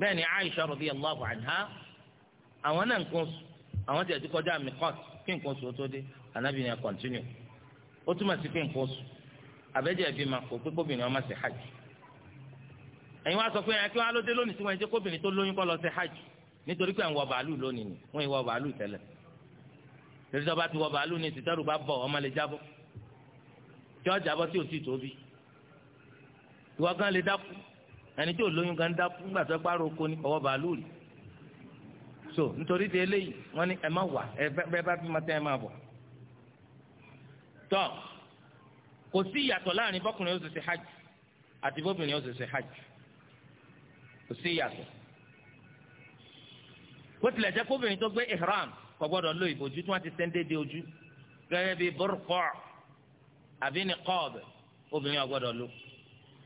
bẹ́ẹ̀ ni aisha radiyallahu anha àwọn náà nǹkan oṣù àwọn tẹ̀ ti kọjá miqat kí nǹkan oṣù tó dé anabi ní ẹ kọ́ntínú ó túmọ̀ sí pé nǹkan oṣù àbẹ́jẹ́ ẹ̀bí ma kò pé kóbìnrin ọmọ ṣe hajj ẹ̀yin wá sọ pé ẹ̀kí wá ló dé lónìí tí wọ́n jẹ́ kóbìnrin tó lóyún kọ́ lọ ṣe hajj nítorí pé ń wọ bàálù lónìí ìwọ gan lè dákú ẹni tí ò lóyún gan dákú nígbà tó bá roko ní ọwọ́ bàálù rí so nítorí ti eléyìí wọ́n ní ẹ má wà ẹ bẹ́ẹ̀ bá fi máa tẹ́ ẹ máa bọ̀ tọ́ kò sí ìyàtọ̀ láàrin bọ́kùnrin ó sì ṣe hajj àti bóbìnrin ó sì ṣe hajj kò sí ìyàtọ̀ bó tilẹ̀ jẹ́ kóbìnrin tó gbé ihram kò gbọ́dọ̀ lo ìbòjú tí wọ́n ti sẹ́ńdé de ojú gẹ́gẹ́ bíi burqa àbí niqab obìnrin ò lo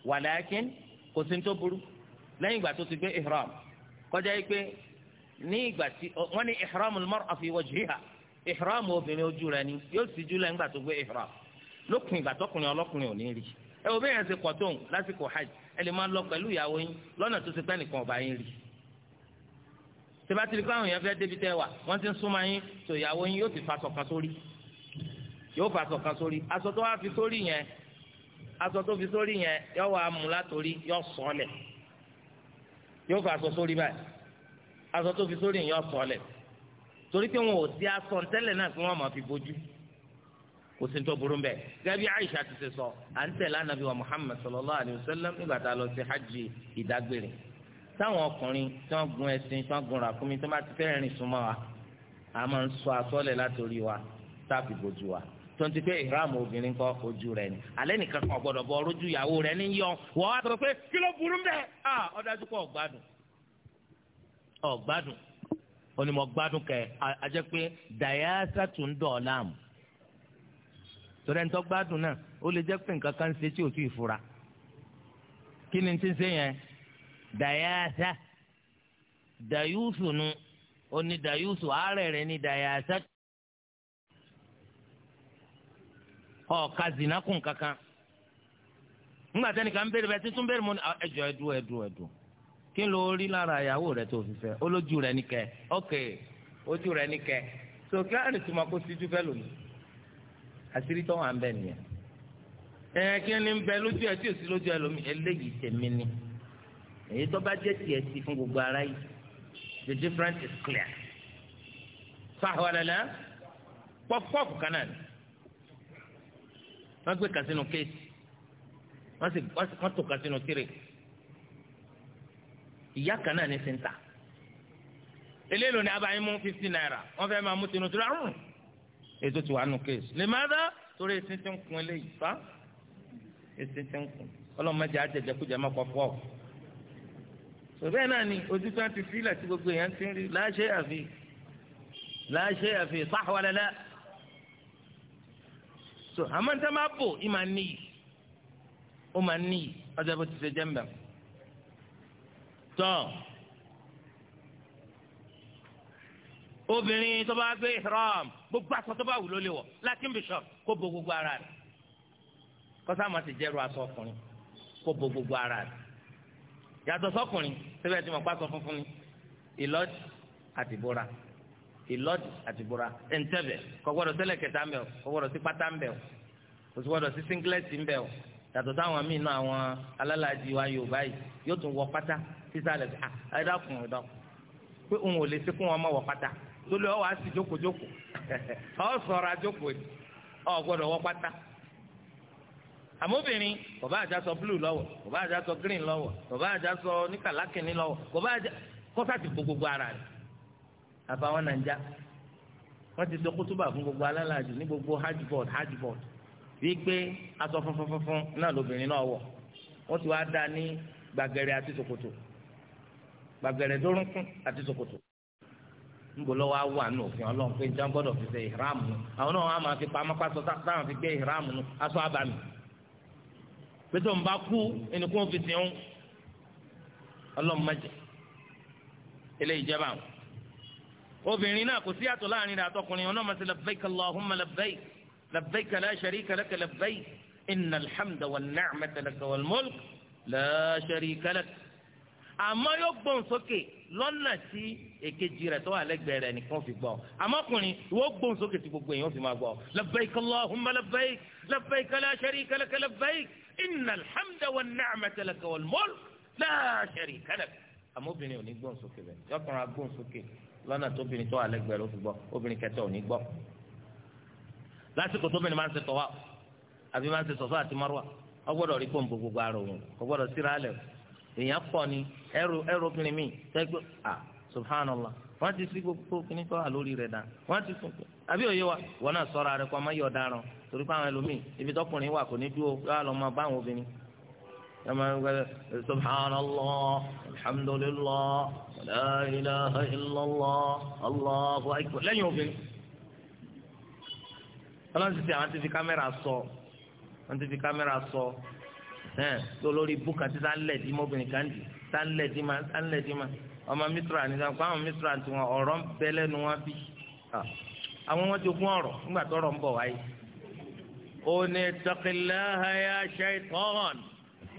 wàlákin kò sí tó burú lẹ́yìn ìgbà tó ti gbé ihram kọjá yìí pé ní ìgbà tí wọ́n ní ihram al-mar'a fi wajhiha ihram obìnrin ojú rẹ̀ ni yóò sì jú lẹ́yìn ìgbà tó gbé ihram lókun ìgbà tọkùnrin ọlọ́kùnrin ò ní rí ẹ wò bẹ́ẹ̀ yẹn ṣe pọ̀ tóun lásìkò hajj ẹ lè máa lọ pẹ̀lú ìyàwó yín lọ́nà tó ti pẹ́ nìkan ọ̀bá yín rí tẹ́bátìrì káwọn èèyàn fẹ́ débi tẹ́ wà wọ́n ti ń súnmọ́ yín tó ìyàwó yín yóò ti fa sọ̀kan sórí yóò fa sọ̀kan sórí aṣọ tó fi sórí yẹn aṣọ tó fi sórí yẹn yọ wà mú látòrí yọ sọlẹ̀ yóò fa aṣọ sórí báyìí aṣọ tó fi sórí yẹn yọ sọlẹ̀ torí pé wọn ò sí aṣọ ntẹ́lẹ̀ náà fún wọn máa fi bójú kò sí tó burú bẹ́ẹ̀ gẹ́gẹ́ bí Aisha ti ṣe sọ à ń tẹ̀lé anabi wa Muhammad sallallahu alayhi wa sallam nígbà tá a lọ sí hajj ìdágbére táwọn ọkùnrin tí wọ́n gun ẹṣin tí wọ́n gun ràkúnmí tí wọ́n bá ti fẹ́ rìn súnmọ́ wa a máa ń sọ aṣọ lẹ̀ látòrí wa tá a fi bójú wa. tó ń ti pé ìhram obìnrin kọ ojú rẹ ni alẹ́ nìkan kan gbọ́dọ̀ bọ ojú ìyàwó rẹ ní yọ wọ́n á sọ pé kí ló burú ń bẹ̀ ah ọ̀dájú kọ́ ọ̀gbádùn ọ̀gbádùn onímọ̀ gbádùn kẹ ajẹ́ pé dayasa tún ń dọ̀ láàmú torí ẹni tó gbádùn náà ó lè jẹ́ pé nǹkan kan ń ṣe tí ò tí ì kí ni ti ń ṣe yẹn dayasa dayusu nu oní dayusu àárẹ̀ rẹ ní dayasa ọ̀ka zinakun kankan ńgbà tẹnìkan béèrè bẹ́ẹ̀ títún béèrè mọ́ ni ah, ẹjọ́ ẹdú ẹdú ẹdú kí ló rí lára ìyàwó rẹ tó fi fẹ́ olójú rẹ ní kẹ ok ojú rẹ ní kẹ sókè àrètúmọ̀ kó síjú fẹ́ lòmí àṣírí tó wà ń bẹ nìyẹn ẹ kí ni bẹ lójú ẹ tí ò sí lójú ẹ lómi eléyìí tèmi ni èyí tó bá jẹ tiẹ̀ sí fún gbogbo ara yìí the difference is clear. sáà wà lẹ́lẹ́ pọ́pọ́ọ̀pù kan náà ni wọ́n gbé kan sínú kéètì wọ́n sì wọ́n tò kan sínú tírè ìyá kan náà ní sèǹtà eléèlò ni abayín mú fifty naira wọ́n fẹ́ máa mú tinú tírè àrùn ètò tiwa nù kéètì lè má dá torí èsì tí ń kun eléyìí fa èsì tí ń kun ọlọ́mọdé àjẹjẹ kújẹ má kọ́ fọ́ sọ̀rọ̀ náà ni ojú tí wọ́n ti fi ilẹ̀ tí gbogbo èèyàn ti ń rí láṣẹ àfi láṣẹ àfi sáhùn alẹ́ so àmọ́ níta máa bò í máa níyì ó máa níyì ọjọ́ bó ti ṣe jẹ́ mbẹ́ tọ́ obìnrin tó bá gbé ihram gbogbo aṣọ tó bá wù ló lè wọ̀ latin bishop kó bo gbogbo ara rẹ̀ kọ́sá máa ti jẹ́rù aṣọ ọkùnrin kó bo gbogbo ara rẹ̀ yàtọ̀ sọkùnrin síbẹ̀ tí mo pa aṣọ funfun ni ìlọ́jì àti ìbora ìlọ́dì àti bùra ẹ̀ńtẹ́bẹ̀ kò gbọ́dọ̀ sí lẹ̀kẹ̀tà ń bẹ̀ o kò gbọ́dọ̀ sí pátá ń bẹ̀ o kò sì gbọ́dọ̀ sí síngílẹ̀tì ń bẹ̀ o yàtọ̀ táwọn míì náà àwọn alálàájì wa Yorùbá yìí yóò tún wọ pátá sísàlẹ̀ bí ẹ̀dàkùn ẹ̀dàkùn pé òun ò lè ṣe fún wọn má wọ pátá lórí ọwọ́ àti jókòjókò ọ̀ sọ̀rọ̀ àjókò ọ̀ gbọ́dọ̀ green lọ́wọ́ kò bá àjàsọ níkàlákìnní lọ́wọ́ kò bá àjà kọ́sàtì gbogbogbò ara rẹ̀ àfàwọn nàìjà wọ́n ti sọ kútúbà fún gbogbo alálàájì ní gbogbo hajj board hajj board wípé aṣọ funfun funfun náà lóbìnrin náà wọ̀ wọ́n ti wá dá ní gbàgẹ̀rẹ̀ àti ṣòkòtò gbàgẹ̀rẹ̀ dórúnkún àti ṣòkòtò níbo lọ́wọ́ á wà nù òfin ọlọ́run pé njẹ́ gbọ́dọ̀ fi ṣe ìhìrámù nù àwọn náà wọ́n á máa fi pamọ́ pásọ táwọn fi gbé ìhìrámù nù aṣọ àbàmì pé tó ń bá kú ẹnìkún fi sìn ún ọlọ́run eléyìí jẹ́ báwọn. obìnrin náà kò sí àtọ̀ láàrin rẹ̀ àtọkùnrin ọ̀nà ọmọ sí labbaik allahumma labbaik labbaik la sharika laka labbaik inna alhamda wa ni'mata laka wal mulk la sharika laka. àmọ́ yóò gbóhùn sókè lọ́nà tí èkejì rẹ̀ tó wà lẹ́gbẹ̀ẹ́ rẹ̀ nìkan fi gbọ́ àmọ́ àmọ́kùnrin wọ́n gbóhùn sókè tí gbogbo èèyàn fi máa gbọ́ labbaik allahumma labbaik labbaik la sharika labbaik inna alhamda wa ni'mata laka wal mulk la sharika àmọ́ obìnrin ò ní gbóhùn sókè bẹ́ẹ̀ yọkùnrin á sókè lọ́nà tóbìnrin tó wà lẹ́gbẹ̀ẹ́ ló fi gbọ́ obìnrin kẹta ò ní gbọ́ lásìkò tóbìnrin máa ń ṣe tọ́wá àbí máa ń ṣe sọ́fà àti márùwà ọgbọ́dọ̀ rí pọ́ǹpù gbogbo ara òun ọgbọ́dọ̀ síra alẹ̀ èèyàn pọ̀ ni ẹrù ẹrù obìnrin mi tẹ́gbẹ́ à subhanallah wọ́n ti sí gbogbo kìíní tó wà lórí rẹ̀ wọ́n ti sùn àbí òye wa náà torí pé àwọn ẹlòmíì ibi tọkùnrin wà kò كما قال سبحان الله الحمد لله لا إله إلا الله الله أكبر لن يوفي ọlọ́run ti sè àwọn ti fi kámẹ́rà sọ wọ́n ti fi kámẹ́rà sọ ẹ̀ tó lórí búkà tí tá ń lẹ̀ dí mọ́bìnrin kan dì tá ń lẹ̀ dí ma tá ń lẹ̀ dí ma ọmọ misra ní sanko àwọn misra ti wọn ọ̀rọ̀ ń bẹ lẹ́nu wọn bí àwọn wọn ti gún ọ̀rọ̀ nígbà tó ọ̀rọ̀ ń bọ̀ wáyé. ó ní taqillaha ya shaytan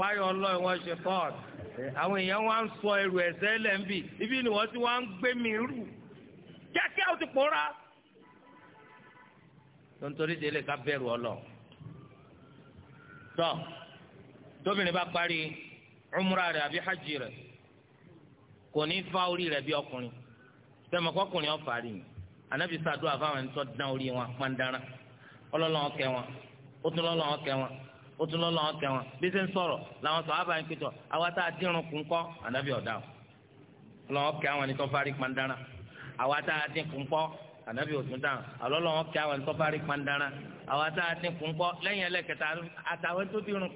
páyọ̀ ọlọ́run wọn ṣe fọ́ọ̀t àwọn èèyàn wá ń sọ ẹrù ẹ̀sẹ̀ lẹ́ńbì ibi ni wọ́n ti wá ń gbé mi rù kíákíá ó ti pòórá. tontorí délé ká bẹ̀rù ọlọ. tọ́ tóbìnrin bá parí umra rẹ̀ àbí hajj rẹ̀ kò ní fa orí rẹ̀ bí ọkùnrin sẹ́mi ọkọkùnrin ọ̀fà rí ni anabi sàdúrà fáwọn ẹni tó dán orí wọn pàǹdára ọlọ́lọ́wọ́ kẹ wọn ó tún lọ́lọ́wọ́ kẹ wọn ó tún lọ́lọ́ wọn kẹwọn bí ṣe ń sọ̀rọ̀ làwọn sọ̀rọ̀ àbáyé pẹ̀tọ̀ àwa tá a dínrùn kún kọ́ ànábì ọ̀dà lọ́wọ́ kẹ àwọn ẹni tó fárí pandara àwa tá a dín kún kọ́ ànábì òtún dáhùn àlọ́ lọ́wọ́ kẹ àwọn ẹni tó fárí pandara àwa tá a dín kún kọ́ lẹ́yìn ẹlẹ́kẹta àtàwọn tó dínrùn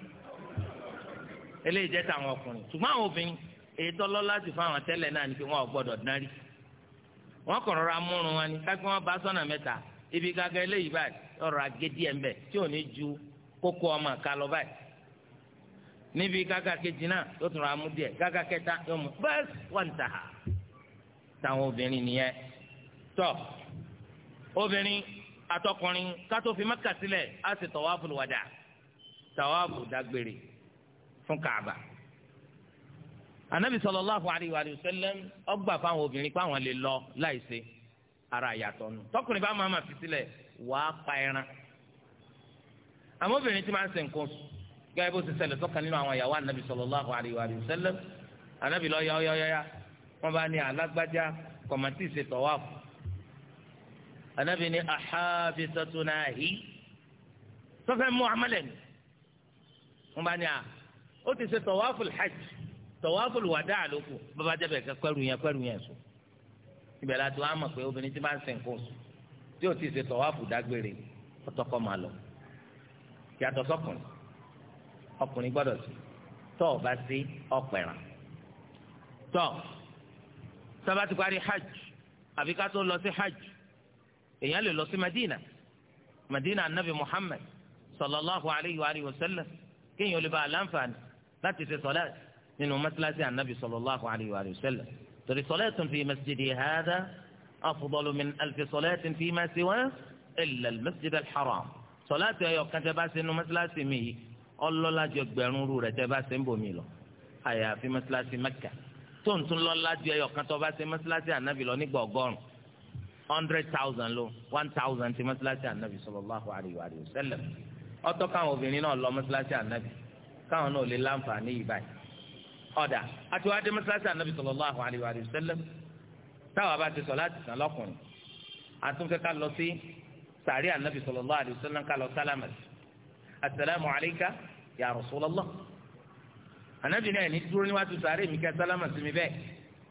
eléyìí jẹ́ tàwọn ọkùnrin ṣùgbọ́n àwọn obìnrin èyí tọ́lọ́ láti ni pé wọ́n gbọ́dọ̀ dárí wọ́n kọ̀ ni kápẹ́ wọn bá sọ́nà mẹ́ta ibi gágá eléyìí báyìí ọ̀rọ̀ agédí kókó ọmọ àká lọ báyìí níbi kejì náà yóò tún ra mú díẹ̀ gágà kẹta yóò mú bẹ́ẹ̀sì wà ní tàhà táwọn obìnrin nìyẹn tọ́ obìnrin kátó fi sílẹ̀ á sì tawaful wada tawaafu fún Kaaba anabi sallallahu alayhi wa ọgbà fáwọn obìnrin lè lọ láìsí ara nù tọkùnrin bá máa ma fi wàá pa ẹran àmọ́ obìnrin tí máa ń ṣe nǹkan oṣù gẹ́gẹ́ bó ti ṣẹlẹ̀ sọ́kàn nínú àwọn ìyàwó anabi sallallahu alayhi wa sallam anabi lọ yáyáyáyá wọ́n bá ní alágbájá kọ̀mọ̀tì ṣe tọ̀wáàfù anabi ní ahabisatunahi sọfẹ́ mú amálẹ̀ ni wọ́n bá ní a ó ti ṣe tọ̀wáàfù hajj tọ̀wáàfù wàdà àlòkù bàbá jẹ́bẹ̀ kẹ́kẹ́rù yẹn kẹ́rù yẹn sùn ibẹ̀ la tó pé obìnrin tí máa ń ṣe nǹkan tí ò ti ṣe tọ̀wáàfù dágbére ọtọ́kọ́ máa lọ yàtọ̀ sọkùnrin ọkùnrin gbọ́dọ̀ sí tọ́ ọ bá sí ọ̀pẹ̀ràn tọ́ sábà ti parí hajj àbí ká tó lọ sí hajj èèyàn lè lọ sí madina madina anabi muhammad sallallahu alayhi wa alihi wa sallam kéèyàn lè ba àlàǹfààní láti ṣe sọláàtì nínú mọ́sálásí anabi sallallahu alayhi wa alihi wa sallam torí sọláàtì fi masjidi hada afdalu min alfi sọláàtì fi ma siwa illa alharam sọláàtì ọyọ kan tẹ bá ṣe nu mọ́sálásí mi yìí ọlọ́lá ju ẹgbẹ̀rún rú rẹ̀ tẹ bá ṣe ń bòmí lọ àyàfi mọ́sálásí Mẹ́kà tó ń tún lọ́lá ju ẹyọ kan tó bá ṣe mọ́sálásí ànábì lọ nígbà ọgọ́rùn hundred thousand ló one thousand ti mọ́sálásí ànábì sallallahu alayhi wa sallam ọ̀tọ̀ káwọn obìnrin náà lọ mọ́sálásí ànábì káwọn náà lè láǹfààní yìí báyìí ọ̀dà àti wàá dé mọ́sálásí ànábì sallallahu alayhi wa sallam táwọn bá ti sọ láti sàn lọ́kùnrin àtúnkẹ́ká lọ sí sàárì ànábì sallallahu alaihi wasallam kálọ̀ sálámà sí asalaamu alayka ya rasulallah ànábì náà ní dúró níwájú sàárì mi kẹ́ sálámà sí mi bẹ́ẹ̀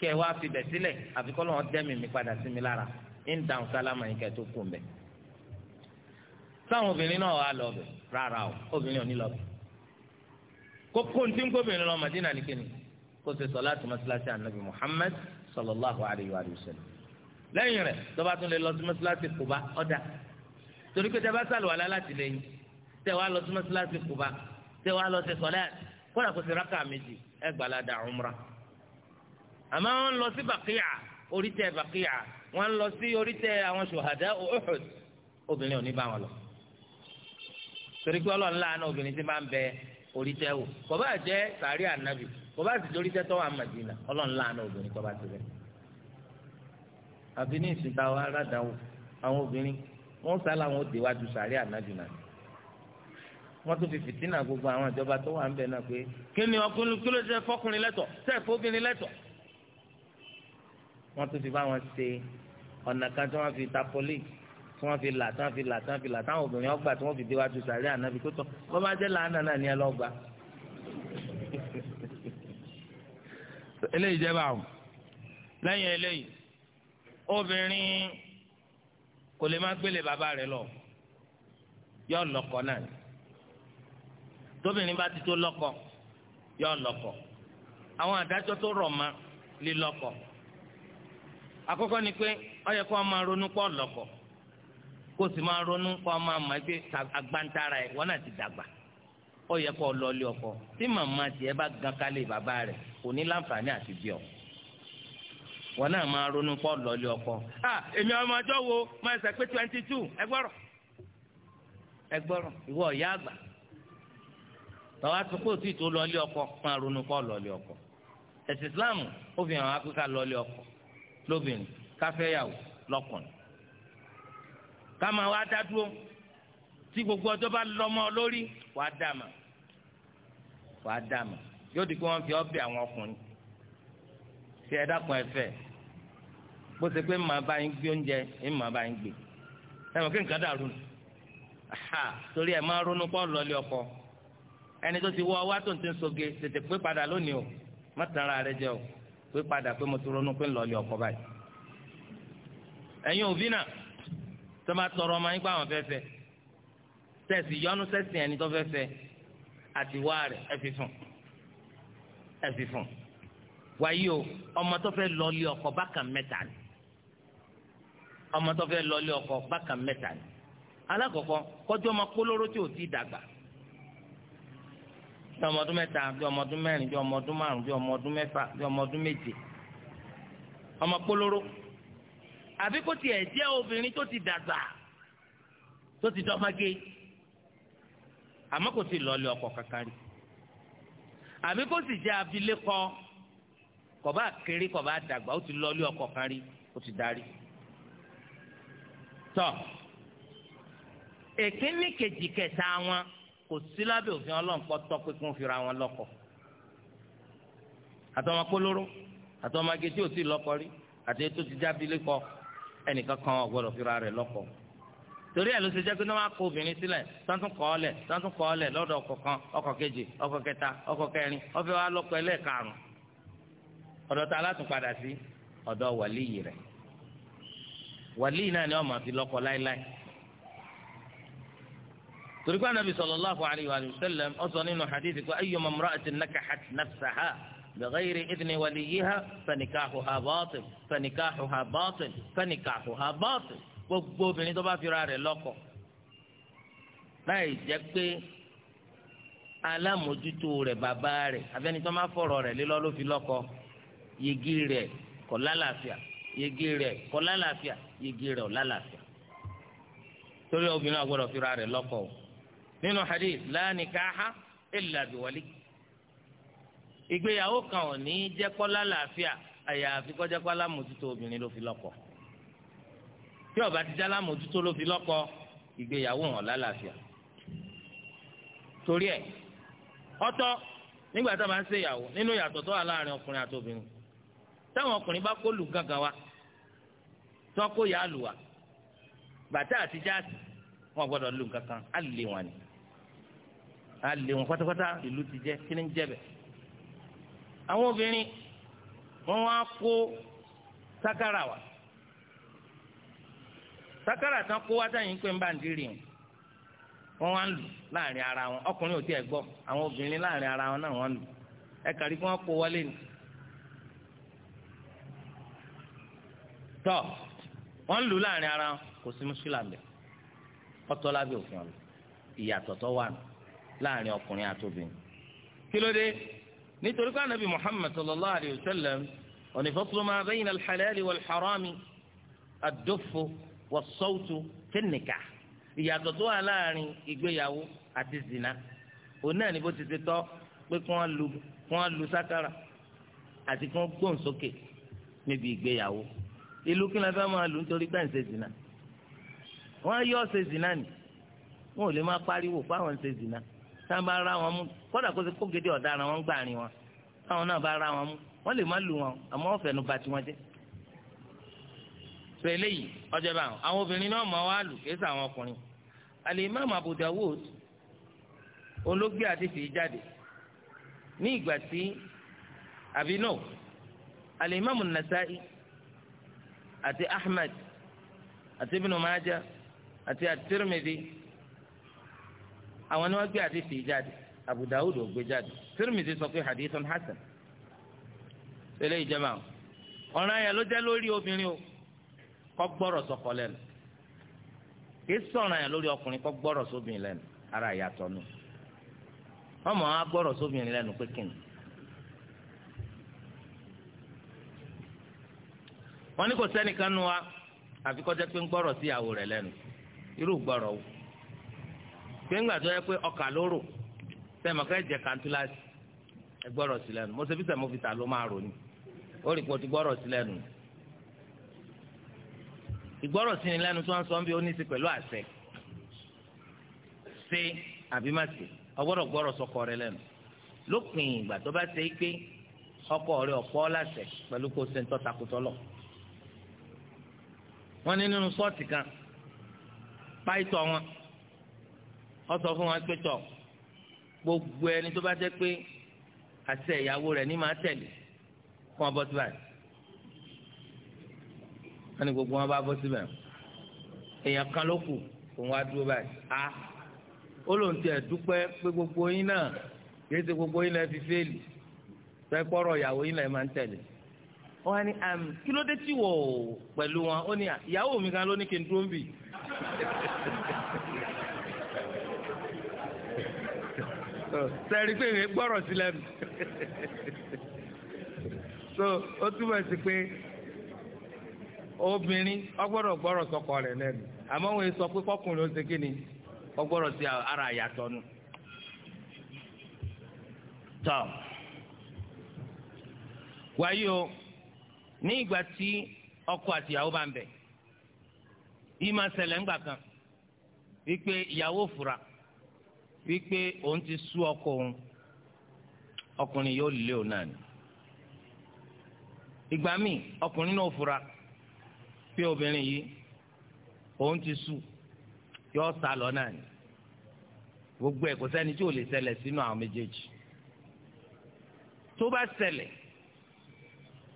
kẹ́ ẹ wá fi bẹ̀ sílẹ̀ àfikọ́ lọ́wọ́ dẹ́mi mi padà sí mi lára ń dàn sálámà yín kẹ́ tó kún bẹ́ẹ̀ sáwọn obìnrin náà wà lọ bẹ̀ rárá o obìnrin ò ní lọ bẹ̀ kókó ntí ń kóbìnrin lọ Madina ní kíni kó ṣe sọ̀láàtì mọ́sálásí ànábì Muhammad sallallahu alayhi wa sallam lẹ́yìn rẹ̀ tó bá tún lè lọ sí mọ́sálásí Kùbá ọ̀dà torí pé tẹ́bá sàlùwàlá láti lẹ́yìn tẹ́wàá lọ sí mọ́sálásí kùbá tẹ́wàá lọ sí sọ́lẹ́t kódà kò sí rákà méjì ẹ gbàládà umra. àmọ́ wọ́n ń lọ sí bàkíyà orítẹ̀ bàkíyà wọ́n ń lọ sí orítẹ̀ àwọn ṣùhàdá Uhud obìnrin ò ní bá wọn lọ. torí pé ọlọ́run láàánú obìnrin ti máa ń bẹ orítẹ̀ wò kò jẹ́ sàárì ànábì kò sì torí tẹ́tọ́ wà Mádínà ọlọ́run láàánú obìnrin kò ti rẹ̀. àbí ní ìsìntàwọ̀ wọ́n sá làwọn ó déwájú sàárẹ̀ ànájùmá wọ́n tún fi fìtínà gbogbo àwọn ìjọba tó wà ń bẹ náà pé kí ni ọkùnrin kí ló ṣe fọkùnrin lẹ́tọ̀ tẹ́ fóbìnrin lẹ́tọ̀ wọ́n tún fi bá wọn ṣe ọ̀nà kan tí wọ́n fi ta pọ́líìkì tí wọ́n fi là tí wọ́n fi là tí wọ́n fi là táwọn obìnrin ọgbà tí wọ́n fi déwájú sàárẹ̀ ànábi tó tọ́ bá jẹ́ làánà náà ní ẹlọ́gba. eléyìí jẹ́ báwọn lẹ́yìn eléyìí obìnrin kò lè má gbélé bàbá rẹ̀ lọ yọ lọ́kọ náà ni tóbìnrin bá ti tó lọ́kọ yọ lọ́kọ àwọn àdájọ́ tó rọ̀ ma lílọ́kọ àkọ́kọ́ ni pé ó yẹ kó máa ronú pọ̀ lọ́kọ kó sì máa ronú kó máa mọ̀ pé agbántara ẹ̀ wọ́n náà ti dàgbà ó kó lọ lé ọkọ tí màmá tiẹ̀ bá gan kálé bàbá rẹ̀ kò ní láǹfààní àti bí wọn náà máa ronú pọ̀ lọ́lé ọkọ. èmi ọmọ ọjọ́ wo máa ṣe pé twenty two ẹgbọ́rọ̀ ẹgbọ́rọ̀ ìwọ ìyá àgbà tọ́wọ́ aṣọ pé òtún ìtò lọ́lé ọkọ máa ronú pọ̀ lọ́lé ọkọ. ẹ̀sìn Islam ó fi hàn áfíríkà lọ́lé ọkọ lóbìnrin káfẹ́yàwó lọ́kùnrin. ká máa wá dá dúró tí gbogbo ọjọ́ bá lọ́mọ lórí wàá dà mà wàá dà yóò di pé wọ́n fi ọbẹ̀ àwọn ọkùnrin tí ẹ dákun ẹ bó ṣe pé màá bá yín gbé oúnjẹ ń màá bá yín gbé ẹ mọ̀ kí nǹkan dàrú nù torí ẹ máa ronú pọ́ lọ́lẹ́ ọkọ ẹni tó ti wọ ọwá tó ń ti ń soge tètè pé padà lónìí o má tàn ara rẹ jẹ o pé padà pé mo ti ronú pé lọ́lẹ́ ọkọ báyìí ẹ̀yin òbí náà tó máa tọrọ ọmọ yín pé àwọn fẹ́fẹ́ tẹ̀sí yọnu sẹ́sìn ẹni tó fẹ́fẹ́ àtiwá rẹ̀ ẹ fi fún ẹ fi fún wáyé o ọmọ tó fẹ́ lọ́lẹ́ ọkọ bákan mẹ́ta ni ọmọ tó fẹ́ lọlé ọkọ bákan mẹ́ta ni alákọ̀ọ́kọ́ kọjú ọmọ kólóró tí ò ti dàgbà bí ọmọ ọdún mẹ́ta bí ọmọ ọdún mẹ́rin bí ọmọ ọdún márùn bí ọmọ ọdún mẹ́fà bí ọmọ ọdún méje ọmọ kólóró àbí kó tiẹ̀ jẹ́ obìnrin tó ti dàgbà tó ti dọ́mọge àmọ́ kò ti lọ́ọ́lẹ̀ ọkọ kankan rí àbí kó sì jẹ́ abilékọ kò bá kéré kò bá dàgbà ó ti lọ́ọ́lẹ̀ ọkọ kan rí ó ti darí tọ́ èkínní kejì kẹta wọn kò sí lábẹ́ òfin ọlọ́nkọ́ tọ́ pé kí wọ́n fira wọn lọ́kọ àtọmọ kólóró àtọmọ ake tí ò tí lọ́kọ rí àti ètò ti jábí lẹ́kọ ẹnìkan kan ò gbọ́dọ̀ fira rẹ̀ lọ́kọ torí ẹ̀ ló ṣe jẹ́ pé náà wá kó obìnrin sílẹ̀ sáńtún kọ́ ọ lẹ̀ sáńtún lọ́dọ̀ ọkọ kan kejì ọkọ kẹta ọkọ kẹrin ọfẹ́ wa lọ́kọ ẹlẹ́ẹ̀karùn-ún ọ̀dọ̀ ta látún padà sí ọ̀dọ̀ wàlíyì rẹ̀ wàlíì náà ni wọ́n máa fi lọ́kọ láéláé torí pé anabi sallallahu alayhi wa sallam ó sọ nínú hadithi pé ayyuma imra'atin nakahat nafsaha bighayri idni waliyiha fanikahuha batil fanikahuha batil fanikahuha batil gbogbo obìnrin tó bá fira rẹ̀ lọ́kọ láì jẹ́ pé alámòjútó rẹ̀ bàbá rẹ̀ abẹ́ni tó máa fọ̀rọ̀ rẹ̀ lé ló fi lọ́kọ yegi rẹ̀ kò lálàáfíà yegi rẹ̀ kò lálàáfíà igi rẹ̀ ò lálàáfíà torí obìnrin àgbọ̀dọ̀ fira rẹ̀ lọ́kọ o nínú hadith la nikaha illa bi wali ìgbéyàwó kan ò ní jẹ́ kó lálàáfíà àyàfi kó jẹ́ kó alámòtútó obìnrin ló fi lọ́kọ tí ó bá ti jẹ́ alámòtútó ló fi lọ́kọ ìgbéyàwó hàn lálàáfíà torí ẹ̀ ọ̀tọ̀ nígbà tá a máa ń ṣèyàwó nínú ìyàtọ̀ tó wà láàrin ọkùnrin àti obìnrin táwọn ọkùnrin bá kó lù gángan wa tọ́kọ yà á lù wá àti wọn gbọ́dọ̀ lù kankan á lè wọn ni á wọn pátápátá ìlú ti jẹ kí ni jẹbẹ. àwọn obìnrin wọn wá kó sákàrà wá sákàrà tán kó wá sáyìn pé ń wọn wá ń lù láàrin ara wọn ọkùnrin ara wọn náà wọn lù wọ́n ń lù láàrin ara kò sí mùsùlùmí àbẹ̀ ọ̀tọ̀ lábẹ́ òfin ọ̀nà ìyàtọ̀ tó wà láàrin ọkùnrin àtòbìnrin kí ló dé nítorí pé anabi muhammad sallallahu alayhi wa sallam onífọ́sọ́ máa bẹ́yìn alḥàlẹ́lì wàlḥàrọ́mì àdófò wàsọ́ọ̀tù fẹ́nìkà ìyàtọ̀ tó wà láàrin ìgbéyàwó àti zina òun náà ni bó ti ti tọ́ pé kí wọ́n lu sákàrà àti kí wọ́n gbóhùn sókè níbi ìgbéyàwó ìlú kí la fẹ́ máa lù nítorí pé ń ṣe zina wọ́n yọ ṣe zina ni wọn ò lè máa pariwo fáwọn ṣe zina tá a bá ra wọn mú kódà kó ṣe kó gèdè ọ̀daràn wọn gbà rìn wọn táwọn náà bá ra wọn mú wọ́n lè má lù wọn àmọ́ wọ́n fẹ̀nu ba tiwọn jẹ́ sọ eléyìí ọjọ́ bá wọn àwọn obìnrin náà máa wá lù kéésà àwọn ọkùnrin Al-Imam Abu Dawud olóògbé àti fìyí jáde ní ìgbà tí àbí náà Al-Imam àti ahmed àti ibn majah àti at-tirmidhi àwọn ni wọ́n gbé àdìsí jáde abu dawud ò gbé jáde tirmidhi sọ pé hadithun hasan tẹ́lẹ̀ ìjẹba ọ̀ràn yẹn ló jẹ́ lórí obìnrin o kọ́ gbọ́rọ̀ sọ́kọ lẹ́nu kì í sọ̀ràn yẹn lórí ọkùnrin kọ́ gbọ́rọ̀ sóbìnrin lẹ́nu ara ìyàtọ̀ nù ọmọ wa gbọ́rọ̀ sóbìnrin lẹ́nu pé kìnnì wọ́n ní kò sẹ́nìkan nu wa àfi kọjá pé ń gbọ́rọ̀ sí ìyàwó rẹ̀ lẹ́nu irú gbọ́rọ̀ o pé ńgbà tó yẹ pé ọkà lóró sẹ́mi ọ̀kẹ́ jẹ kàntúláṣì ẹ gbọ́rọ̀ sí lẹ́nu mo ṣe bí sẹ́mi òfìsà ló máa rò ní ó rí pọ̀ ti gbọ́rọ̀ sí lẹ́nu ìgbọ́rọ̀ sí ni lẹ́nu tí wọ́n sọ ń bí ó ní í ṣe pẹ̀lú àṣẹ ṣe àbí má ṣe ọgbọ́dọ̀ gbọ́rọ̀ sọkọ rẹ lẹ́nu lópin ìgbà tó bá ṣe é pé ọkọ rẹ ọ̀pọ̀ láṣẹ pẹ̀lú kó ṣe ń tọ́ takùtọ́ lọ́wọ́ wọ́n ní nínú sọ́ọ̀tì kan páìtọ̀ wọn wọ́n sọ fún wọn pé tọ̀ gbogbo ẹni tó bá jẹ́ pé àṣẹ ìyàwó rẹ̀ ní máa tẹ̀lé fún ọbọ̀ síbẹ̀ wọ́n ní gbogbo wọn bá bọ́ síbẹ̀ èèyàn kan ló kù òun wá dúró báyìí a ó lóun tiẹ̀ dúpẹ́ pé gbogbo yín náà kì í ṣe gbogbo yín náà fi fẹ́ẹ̀lì fẹ́ pọ́rọ̀ ìyàwó yín náà máa ń tẹ̀lé wọ́n á ní kí ló dé tí wọ̀ pẹ̀lú wọn ó ní ìyàwó mi kan ló ní kí n dúró ń bì. sẹ́ẹ̀rí pé èmi gbọ́rọ̀ sí lẹ́nu so ó túbọ̀ sí pé obìnrin ọgbọ́dọ̀ gbọ́rọ̀ sọkọ rẹ̀ lẹ́nu àmọ́ wọn sọ pé kọkùnrin ó ṣe kí ni ọgbọ́dọ̀ sí ara àyàtọ̀ nù. tọ́ wáyé o. ní ìgbà tí ọkọ àti ìyàwó bá ń bẹ yìí máa ṣẹlẹ̀ ńgbà kan wípé ìyàwó fura wípé òun ti sú ọkọ òun ọkùnrin yóò lé òun náà ni ìgbà míì ọkùnrin náà fura pé obìnrin yìí òun ti sú yóò sá lọ náà ni gbogbo ẹ̀ kò sẹ́ni tí ò lè ṣẹlẹ̀ sínú àwọn méjèèjì tó bá ṣẹlẹ̀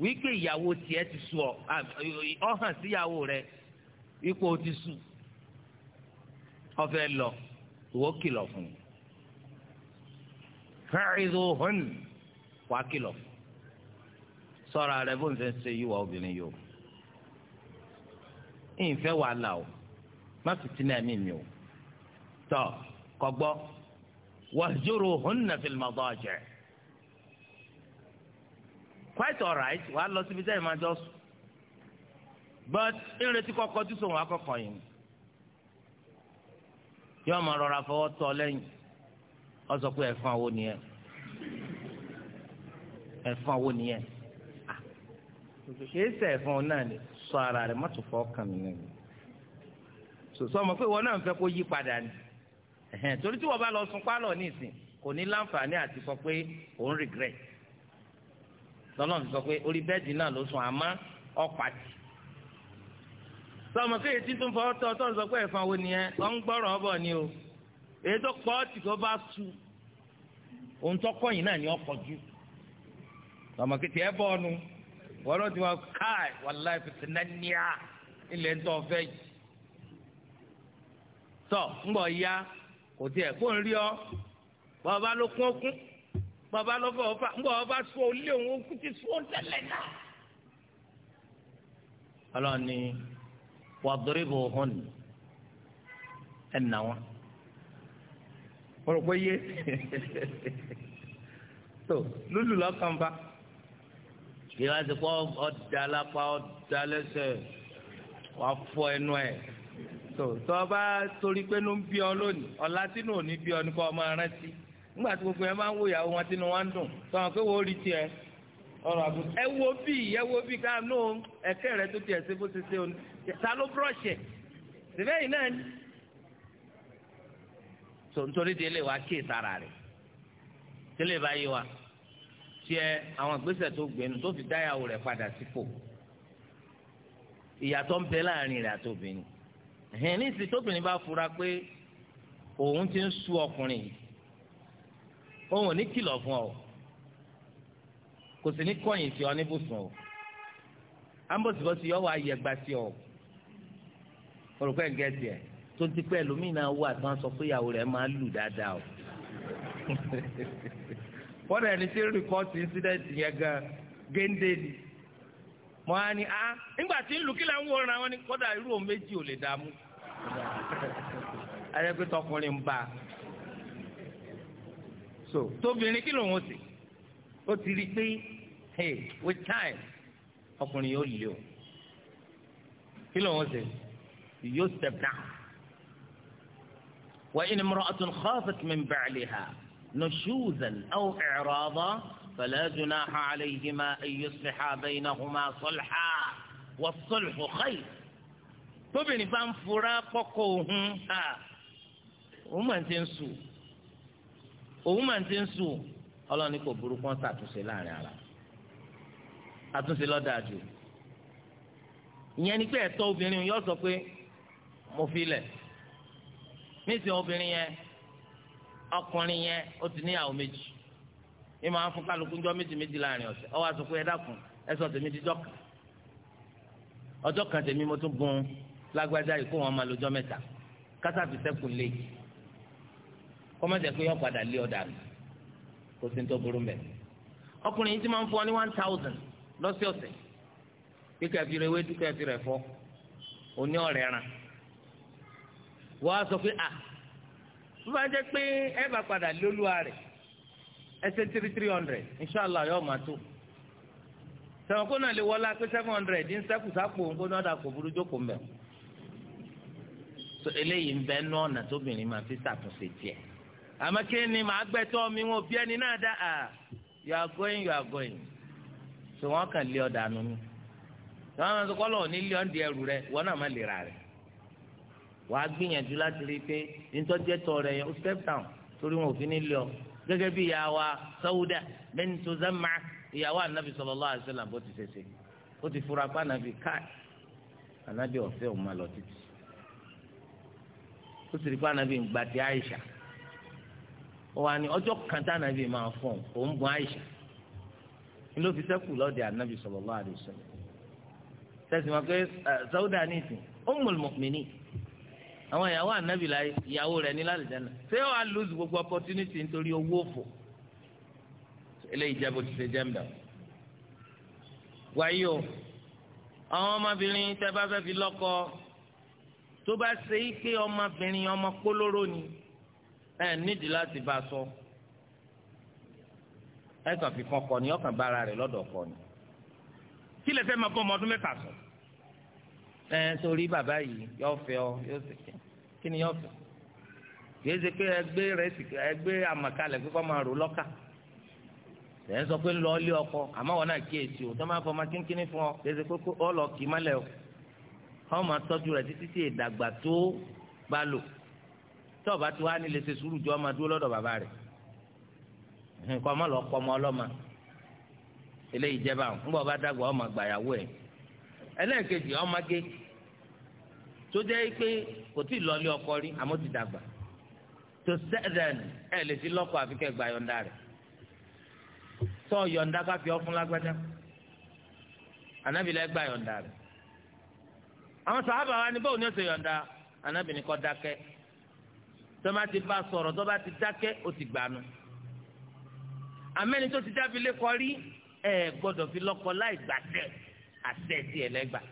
wípé ìyàwó tiẹ̀ ti sú ọ ọ hàn síyàwó rẹ ipò ti sú ọfẹ lọ ìwọ kìlọ̀ fún un fẹ́ẹ́rìdò hàn wàá kìlọ̀ fún un sọ̀rọ̀ rẹ bó ń fẹ́ ṣe yíwá obìnrin yìí o ìfẹ́ wàhálà o má fìtínà ẹ̀mí mi o tọ kọ gbọ́ wàá hàn nàfẹ̀lẹ́ mọ́tò ọ̀jẹ̀ quite alright wàá lọ síbi sẹ́yìn máa jọ sùn but ìrètí kọ́kọ́ tó sòwò akọ́kọ́ yìí yóò máa rọra fọwọ́ tọ́ lẹ́yìn ọ sọ pé ẹ̀fọn owó nìyẹn ẹ̀fọn owó nìyẹn kìí sẹ ẹ̀fọn náà ni sọ ara rẹ̀ mọ́tò fọ́ kàn mí nìyẹn sòsọ ọmọ pé ìwọ náà ń fẹ́ kó yí padà ni torí tí wọ́n bá lọ sun pálọ̀ ní ìsìn kò ní láǹfààní àti sọ pé òun regret lọ́nà ti sọ pé orí bẹ́ẹ̀dì náà ló sùn àmọ́ ọ̀pàtì. sọmọ kéye tí tún fọwọ́ tọ́ tọ́nù sọ pé ẹ̀fọn wo ni ẹ ọ̀ ń gbọ́rọ̀ ọ̀bọ̀ ni o èyí tó pọ̀ tì tó bá su ohun tó kọ́yìn náà ni ọ pọ̀ jù sọmọ kéye ẹ bọ́ ọnu wọ́n lọ́ọ́ ti wọ́n káì wàláì fìtínánìá ilẹ̀ ń tọ́ fẹ́ yìí tọ́ ń bọ̀ ya kò tiẹ̀ kó ń rí ọ bọ́ọ̀ bá ló kún ó kún bàbá lọ́fọ̀ ọ̀fà ńgbà ọ̀fà sọ ilé òun òkú ti sọ tẹ́lẹ̀ náà. ọlọ́ni wàdúrìbù hàn ẹ̀ nà wọn. mo rò pé yé tó <laughs> lùlù lọ́kàn bá ìwà ti kọ́ ọ̀dà lápá ọ̀dà lẹ́sẹ̀ wàá fọ ẹnu ẹ̀ tó tọ́ bá torí pé ló ń bí ọ lónìí ọ̀la tí náà ní bí ọ ní kọ́ ọ rántí nígbà tí gbogbo yẹn máa ń wo ìyàwó wọn tínú wọn ń dùn sọ̀rọ̀ pé wọ́n rí tiẹ̀ ọ̀rọ̀ àbùkù. ẹ wo bí ẹ wo bí ká nù ẹ̀kẹ́ rẹ tó tiẹ̀ ṣe bó ṣe ṣe òní ta ló búrọ̀ṣẹ̀ ṣèfẹ́ yìí náà ni. sọ nítorí di ilé wa kí ìtara rẹ̀ tẹ́lẹ̀ bá yé wa tiẹ̀ àwọn ìgbésẹ̀ tó gbénu tó fi dáyàwó rẹ̀ padà sípò ìyàtọ̀ ń bẹ láàrin rẹ̀ àti obìnrin ẹ̀hìn ní ìsìn tóbìnrin bá fura pé òun ti ń sú ọkùnrin yìí òun ò ní kìlọ̀ fún ọ kò sì ní kọ̀yìn sí ọ níbùsùn o ambosibosi yọ wá yẹgba sí ọ olùkọ́ ẹ̀ gẹ́tì ẹ̀ tó ti pẹ́ lómìnira wọ àtàn sọ pé ìyàwó rẹ̀ máa lù dáadáa o bọ́dà ẹni tí rìpọ́tì incident yẹn gan géńdé ni mo á ní a ah, nígbà tí ń lù kí là ń wòran wọn ni kódà irú òun méjì ò lè dààmú ayẹpẹtọkùnrin <laughs> ń bá a. so tóbìnrin kí lòun ó sì ó ti rí i pé hey with time ọkùnrin yóò lè o kí lòun ó sì yóò step down wa in imra'atun khafat min ba'liha nushuzan aw i'radan fala junaha alayhima an yusliha baynahuma sulha was-sulhu khayr tóbìnrin bá ń fura kọ́kọ́ òhun ha òun máa ń ti ń sùn. òun máa ti ń sùn ọlọ́run ní kò burú kán ṣàtúnṣe láàrin ara àtúnṣe lọ́dà ìyẹn ni pé ẹ̀tọ́ obìnrin yóò sọ pé mo fi lẹ̀ nísìnyí obìnrin yẹn ọkùnrin ti níyàwó méjì fún kálukú méjì méjì láàrin ọ̀sẹ̀ ọ wá sọ pé ẹ dákun ẹ sọ tèmi ọjọ́ kan tèmi mo gun lágbájá yìí kó wọn máa mẹ́ta kọ́mọ̀jẹ̀ pé yóò padà lé ọ̀dà rẹ̀ kó sí ní tó burú mẹ́. ọkùnrin yìí ti máa ń fọ ní one thousand lọ́sọ̀ọ̀sẹ̀ kíkẹ́ fi rẹ̀ wé kíkẹ́ fi rẹ̀ fọ́ òní ọ̀rẹ́ ran wọ́n á sọ pé à bí wọ́n á jẹ́ pé ẹ bá padà lé olúwa rẹ̀ ẹsẹ̀ three three hundred inshàlá yóò máa tó sẹ̀wọ̀n kó náà lè wọlá pé seven hundred ní sẹ́kùsákù ń gbóná dà kó burú jókòó mẹ́ eléyìí ń bẹ́ẹ̀ náà àmọ́ kí ni màá mi wọn bí ẹni náà dá ah, you are going you are going so wọ́n kàn lé ọ̀dà nù wọ́n ní ẹrù rẹ wọ́n náà má lè ra rẹ̀ wàá gbìyànjú láti rí i pé nítorí ẹ̀tọ́ rẹ̀ yẹn ó step down torí wọn ò fi ní gẹ́gẹ́ bí ìyàwó anabi sọlọ alaihi wasallam bó ti ṣe ó ti fura pa anabi káì anabi ọ̀fẹ́ òun lọ títì ó sì rí pa anabi ń wà ní ọjọ́ kan tá ànábì máa fún un òun bùn àìsàn ní ló fi sẹ́kù lọ́dẹ ànábì sallallahu alaihi wasallam tẹ̀sí ma pé Sauda ní ìsìn ummul mu'minin àwọn ìyàwó ànábì la ìyàwó rẹ̀ ní lálẹ́dáná ṣé wàá lose gbogbo opportunity nítorí owó òfò eléyìí jẹ́ bó ti ṣe jẹ́ mbẹ́ wáyé o àwọn ọmọbìnrin tẹ́ bá fẹ́ fi lọ́kọ tó bá ṣe é pé ọmọbìnrin ọmọ kólóró ni ẹ nídìí láti bá a sọ ẹ kàn fi kan kọ ni ọkàn bára rẹ lọ́dọ̀ kọ ni kí lè fẹ́ máa bọ́ ọmọ ọdún mẹ́ta sọ ẹ sórí bàbá yìí yóò fẹ́ ọ yóò sì kí kí ni yóò fẹ́ kì í ṣe pé ẹgbẹ́ rẹ sì ẹgbẹ́ àmàkalẹ̀ pé kọ́ máa rò lọ́kà ẹ sọ pé lọ ilé ọkọ àmọ́ wọn náà kíyèsí o tó máa fọ ọmọ kínkínní fún ọ kì í ṣe pé ọ lọ kì í mọ́lẹ̀ o ọ máa rẹ títí tí ìdàgbà tó bá lò tí ọba tí wàá ní lè ṣe sùúrù jọ ọmọ dúró lọ́dọ̀ bàbá rẹ̀ nǹkan ọmọ lọ kọ́ ọmọ ọlọ́mọ eléyìí jẹ́ báwọn ńgbọ́ ọba dàgbà ọmọ gbàyàwó ẹ̀ ẹlẹ́ẹ̀kejì ọmọge tó jẹ́ pé kò tí ì lọlé ọkọ rí àmọ́ ti dàgbà tó sẹ́ẹ̀dẹ̀n ẹ̀ lè fi lọ́kọ àfikẹ́ gba yọ̀ǹda rẹ̀ tó yọ̀ǹda ká fi ọkùn lágbájá anábìlẹ̀ gba yọ̀ǹda rẹ̀ àwọn sàhábà wa ni báwo ni ó yọ̀ǹda anábìlẹ̀ kọ́ dákẹ́ tó bá ti bá sọ̀rọ̀ tó bá ti dákẹ́ ó ti gbàánu amẹ́ni tó ti dábìí lẹ́kọ̀ọ́ rí ẹ gbọ́dọ̀ fi lọ́kọ láì gbàtẹ́ àtẹ tiẹ̀ lẹ́gbàá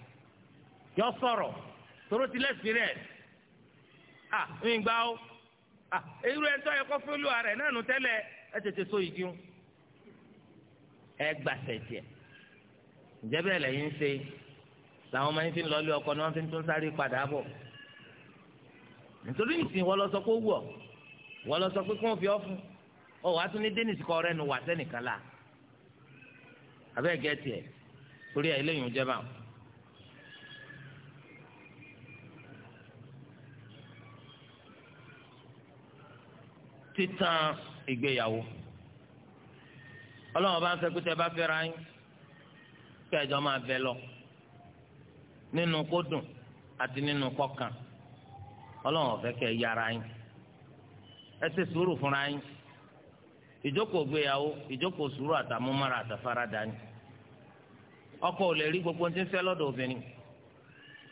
yọ sọ̀rọ̀ tóró ti lẹ́sìn rẹ̀ à ń gbà ó à irú ẹ̀ ń tọ́ yẹ kó fún rẹ̀ náà nù tẹ́lẹ̀ ẹ tètè so ìdí ń ẹ gbàtẹ́ tiẹ̀ ǹjẹ́ lẹ́yìn ṣe làwọn máa ń fi lọ́ọ́lé ọkọ ni wọ́n fi ń tún sáré padà bọ̀ nítorí nìsín wọ́n lọ sọ pé ó wù ọ́ wọ́n lọ sọ pé kí wọ́n fi ọ́ fún ọ wàá tún ní dénìsì kọ́ rẹ́nu wà sẹ́nìkan la abẹ́ẹ̀ gẹ́tì ẹ̀ torí ẹ̀ lẹ́yìn oúnjẹ báwọn. títan ìgbéyàwó ọlọ́run bá ń fẹ́ pété bá fẹ́ra yín kẹjọ máa bẹ lọ nínú kó dùn àti nínú kọ́kàn. ọlọ́run ọ̀fẹ́ kẹ́ yára yín ẹ ṣe sùúrù fúnra yín ìjókòó gbéyàwó ìjókòó sùúrù àtàmúmára àtàfaradà ni ọkọ ò lè rí gbogbo tí ń fẹ́ lọ́dọ̀ obìnrin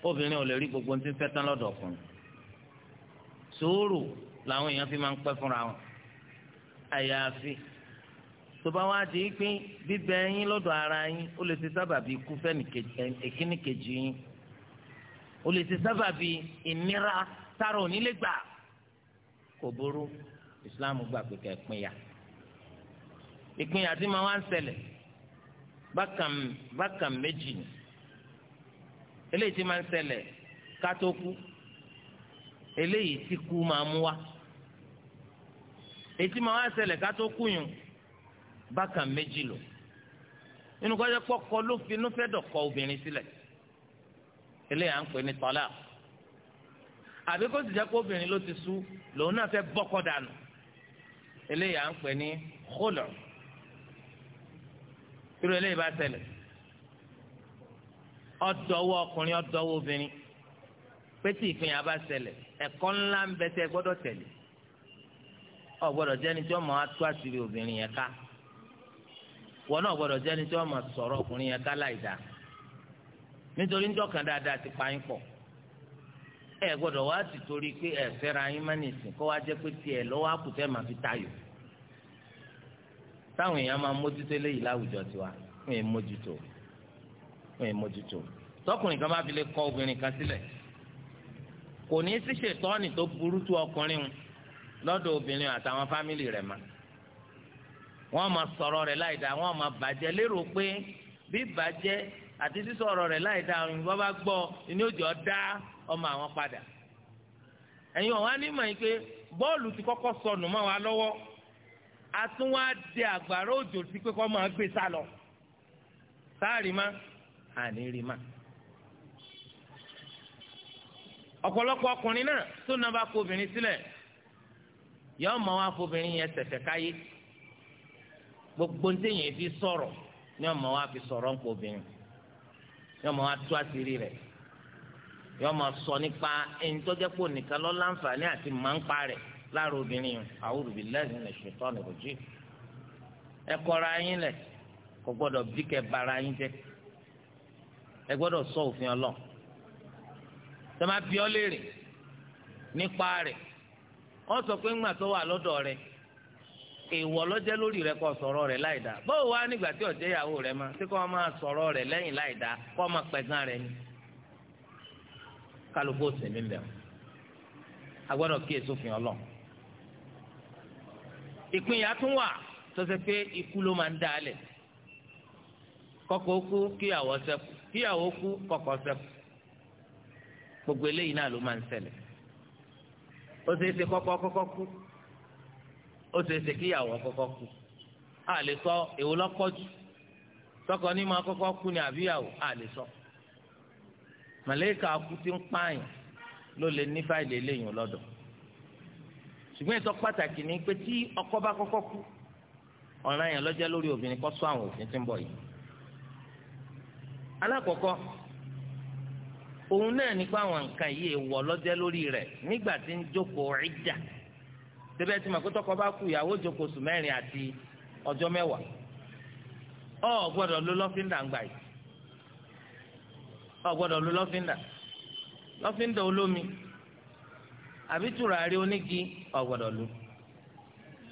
obìnrin ò gbogbo tí ń fẹ́ tán lọ́dọ̀ ọkùnrin sùúrù làwọn èèyàn fi máa fúnra wọn àyàfi tó bá wá di ara yín ó lè ikú fẹ́ kejì yín ó sára ò ní lè gbà kò burú islam gbà pé ká ìpínyà ìpínyà tí máa wá ń ṣẹlẹ̀ bákan bákan méjì ni eléyìí tí máa ń ṣẹlẹ̀ ká tó kú eléyìí tí kú máa mú wá èyí tí máa wá ṣẹlẹ̀ ká tó kú yùn bákan méjì lò nínú kọ́jọ́ pọ́kọ ló finú fẹ́ dọ̀kọ obìnrin sílẹ̀ eléyà ń pè ní tọ́lá àbí kó sì jẹ́ kó obìnrin ló ti sú lòun náà fẹ́ bọ́kọ dànù eléyà ń pè ní khulu irú eléyìí bá ṣẹlẹ̀ ọ̀dọ́wọ́ ọkùnrin ọ̀dọ́wọ́ obìnrin pé tí ìpínyà bá ṣẹlẹ̀ ẹ̀kọ́ ńlá ń bẹ tẹ́ gbọ́dọ̀ tẹ̀lé ọ gbọ́dọ̀ jẹ́ni tí wọ́n máa tú àṣírí obìnrin yẹn ká wọn náà gbọ́dọ̀ jẹ́ni tí wọ́n máa ọkùnrin yẹn ká láì dáa nítorí ńjọ́ kan dáadáa ti pa yín pọ̀ ẹ gbọ́dọ̀ wá ti torí pé ẹ fẹ́ra yín má nìsín kó wá jẹ́ pé tiẹ̀ lọ́wọ́ àkùtẹ́ màá fi tayò táwọn èèyàn máa mójútó eléyìí láwùjọ tiwa wọn èèyàn mójútó wọn èèyàn mójútó tọkùnrin kan bá fi lè kọ obìnrin kan sílẹ̀ kò ní í sí ṣètọ́ni tó burú tó ọkùnrin un lọ́dọ̀ obìnrin àtàwọn fámìlì rẹ̀ ma wọ́n máa sọ̀rọ̀ rẹ̀ láì dáa wọ́n máa bàjẹ́ lérò pé bí bàjẹ́ àti sísọ̀rọ̀ rẹ̀ láì dáa òyìnbó bá gbọ́ ni ó dáa ọmọ àwọn padà ẹ̀yin ọ̀hún á ní mọ̀ yín pé bọ́ọ̀lù ti kọ́kọ́ sọnù mọ́ wa lọ́wọ́ a tún wá de àgbàrá òjò sí pé kọ́ máa gbé sá lọ sáàrì má àní rí má. ọ̀pọ̀lọpọ̀ ọkùnrin náà tó náà bá kó sílẹ̀ yọọ mọ wá fobìnrin yẹn tẹ̀tẹ̀ káyé gbogbo ní tẹ̀yìn fi sọ̀rọ̀ yọọ mọ wá fi sọ̀rọ̀ ńpọ̀ obìnrin yọọ mọ wá tú àṣírí rẹ̀ yọ sọ nípa ẹni tó jẹ́ àti máa ń pa rẹ̀ láàrọ̀ obìnrin yìí lẹ́yìn lè ṣètò ẹ kọ́ra yín lẹ̀ kò gbọ́dọ̀ bí bara yín jẹ́ ẹ gbọ́dọ̀ sọ òfin ọlọ́ tẹ máa bí ọ nípa rẹ̀ ọ sọ pé ńgbà tó wà lọ́dọ̀ rẹ̀ èèwọ̀ lọ́jẹ́ kálukú òsè mi bẹ̀rù agbọ́dọ̀ kí èso fi hàn lọ. ìpínyà tún wà tó ṣe pé ikú ló máa ń dá alẹ̀ kọ́kọ́ kú kíyàwó ṣẹ́kù kíyàwó kú kọ́kọ́ ṣẹ́kù gbogbo eléyìí náà ló máa ń ṣẹlẹ̀ ó ṣe é ṣe kọ́kọ́ kọ́kọ́ kú ó ṣe ṣe kíyàwó kọ́kọ́ kú a sọ èwo lọ́kọ́ jù sọ́kọ ní máa kọ́kọ́ kú ni àbíyàwó a lè màlẹ́kà akú ti ń pààyàn ló lè ní fáìlì eléyìí lọ́dọ̀ ṣùgbọ́n ìtọ́ pàtàkì ni pé tí ọkọ bá kọ́kọ́ kú ọ̀ràn yẹn lọ́jọ́ lórí obìnrin kọ́ sọ àwọn òfin tí ń bọ̀ yìí alákọ̀ọ́kọ́ òun náà nípa àwọn nǹkan yìí wọ̀ lọ́jọ́ lórí rẹ̀ nígbà tí ń jókòó ìjà tẹ́bẹ́ tí màkútọ́ kọ́ bá kú ìyàwó jókòó sùn àti ọjọ́ mẹ́wàá ọ̀ gbọ́dọ̀ ló lọ́fíńdà ń gbà yìí ọ gbọ́dọ̀ lu lọ́fíńdà lọ́fíńdà olómi àbí tùràrí onígi ọ lu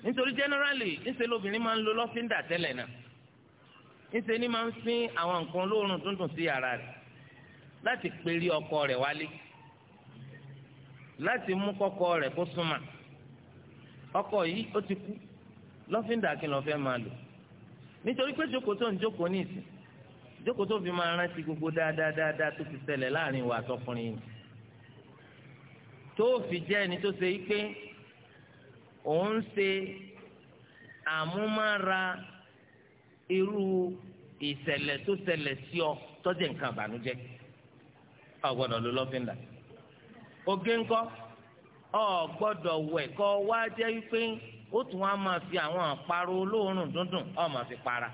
nítorí generally ńṣe lóbìnrin máa ń lo lọ́fíńdà tẹ́lẹ̀ náà ńṣe ni máa ń fín àwọn nǹkan olóòórùn tuntun sí yàrá rẹ̀ láti pèrí ọkọ rẹ̀ wálé láti mú kọ́kọ rẹ̀ kó súnmọ́ ọkọ yìí ó ti kú lọ́fíńdà kí ló fẹ́ máa lò nítorí pé jókòó tó ń jókòó ní ìsìn jókòó tó fi máa rántí gbogbo dáadáa tó ti ṣẹlẹ̀ láàrin wa àtọkùnrin yìí tó fi jẹ́ ẹni tó ṣe pé òun ṣe àmúmára irú ìṣẹ̀lẹ̀ tó ṣẹlẹ̀ sí ọ tọ́jú nǹkan àbànújẹ́ ọ gbọ́dọ̀ ló lọ́fíńdà oge ńkọ́ ọ gbọ́dọ̀ wẹ̀ kọ́ wá jẹ́ pé ó tún wá máa fi àwọn àparò olóòórùn dúndùn ọ máa fi para.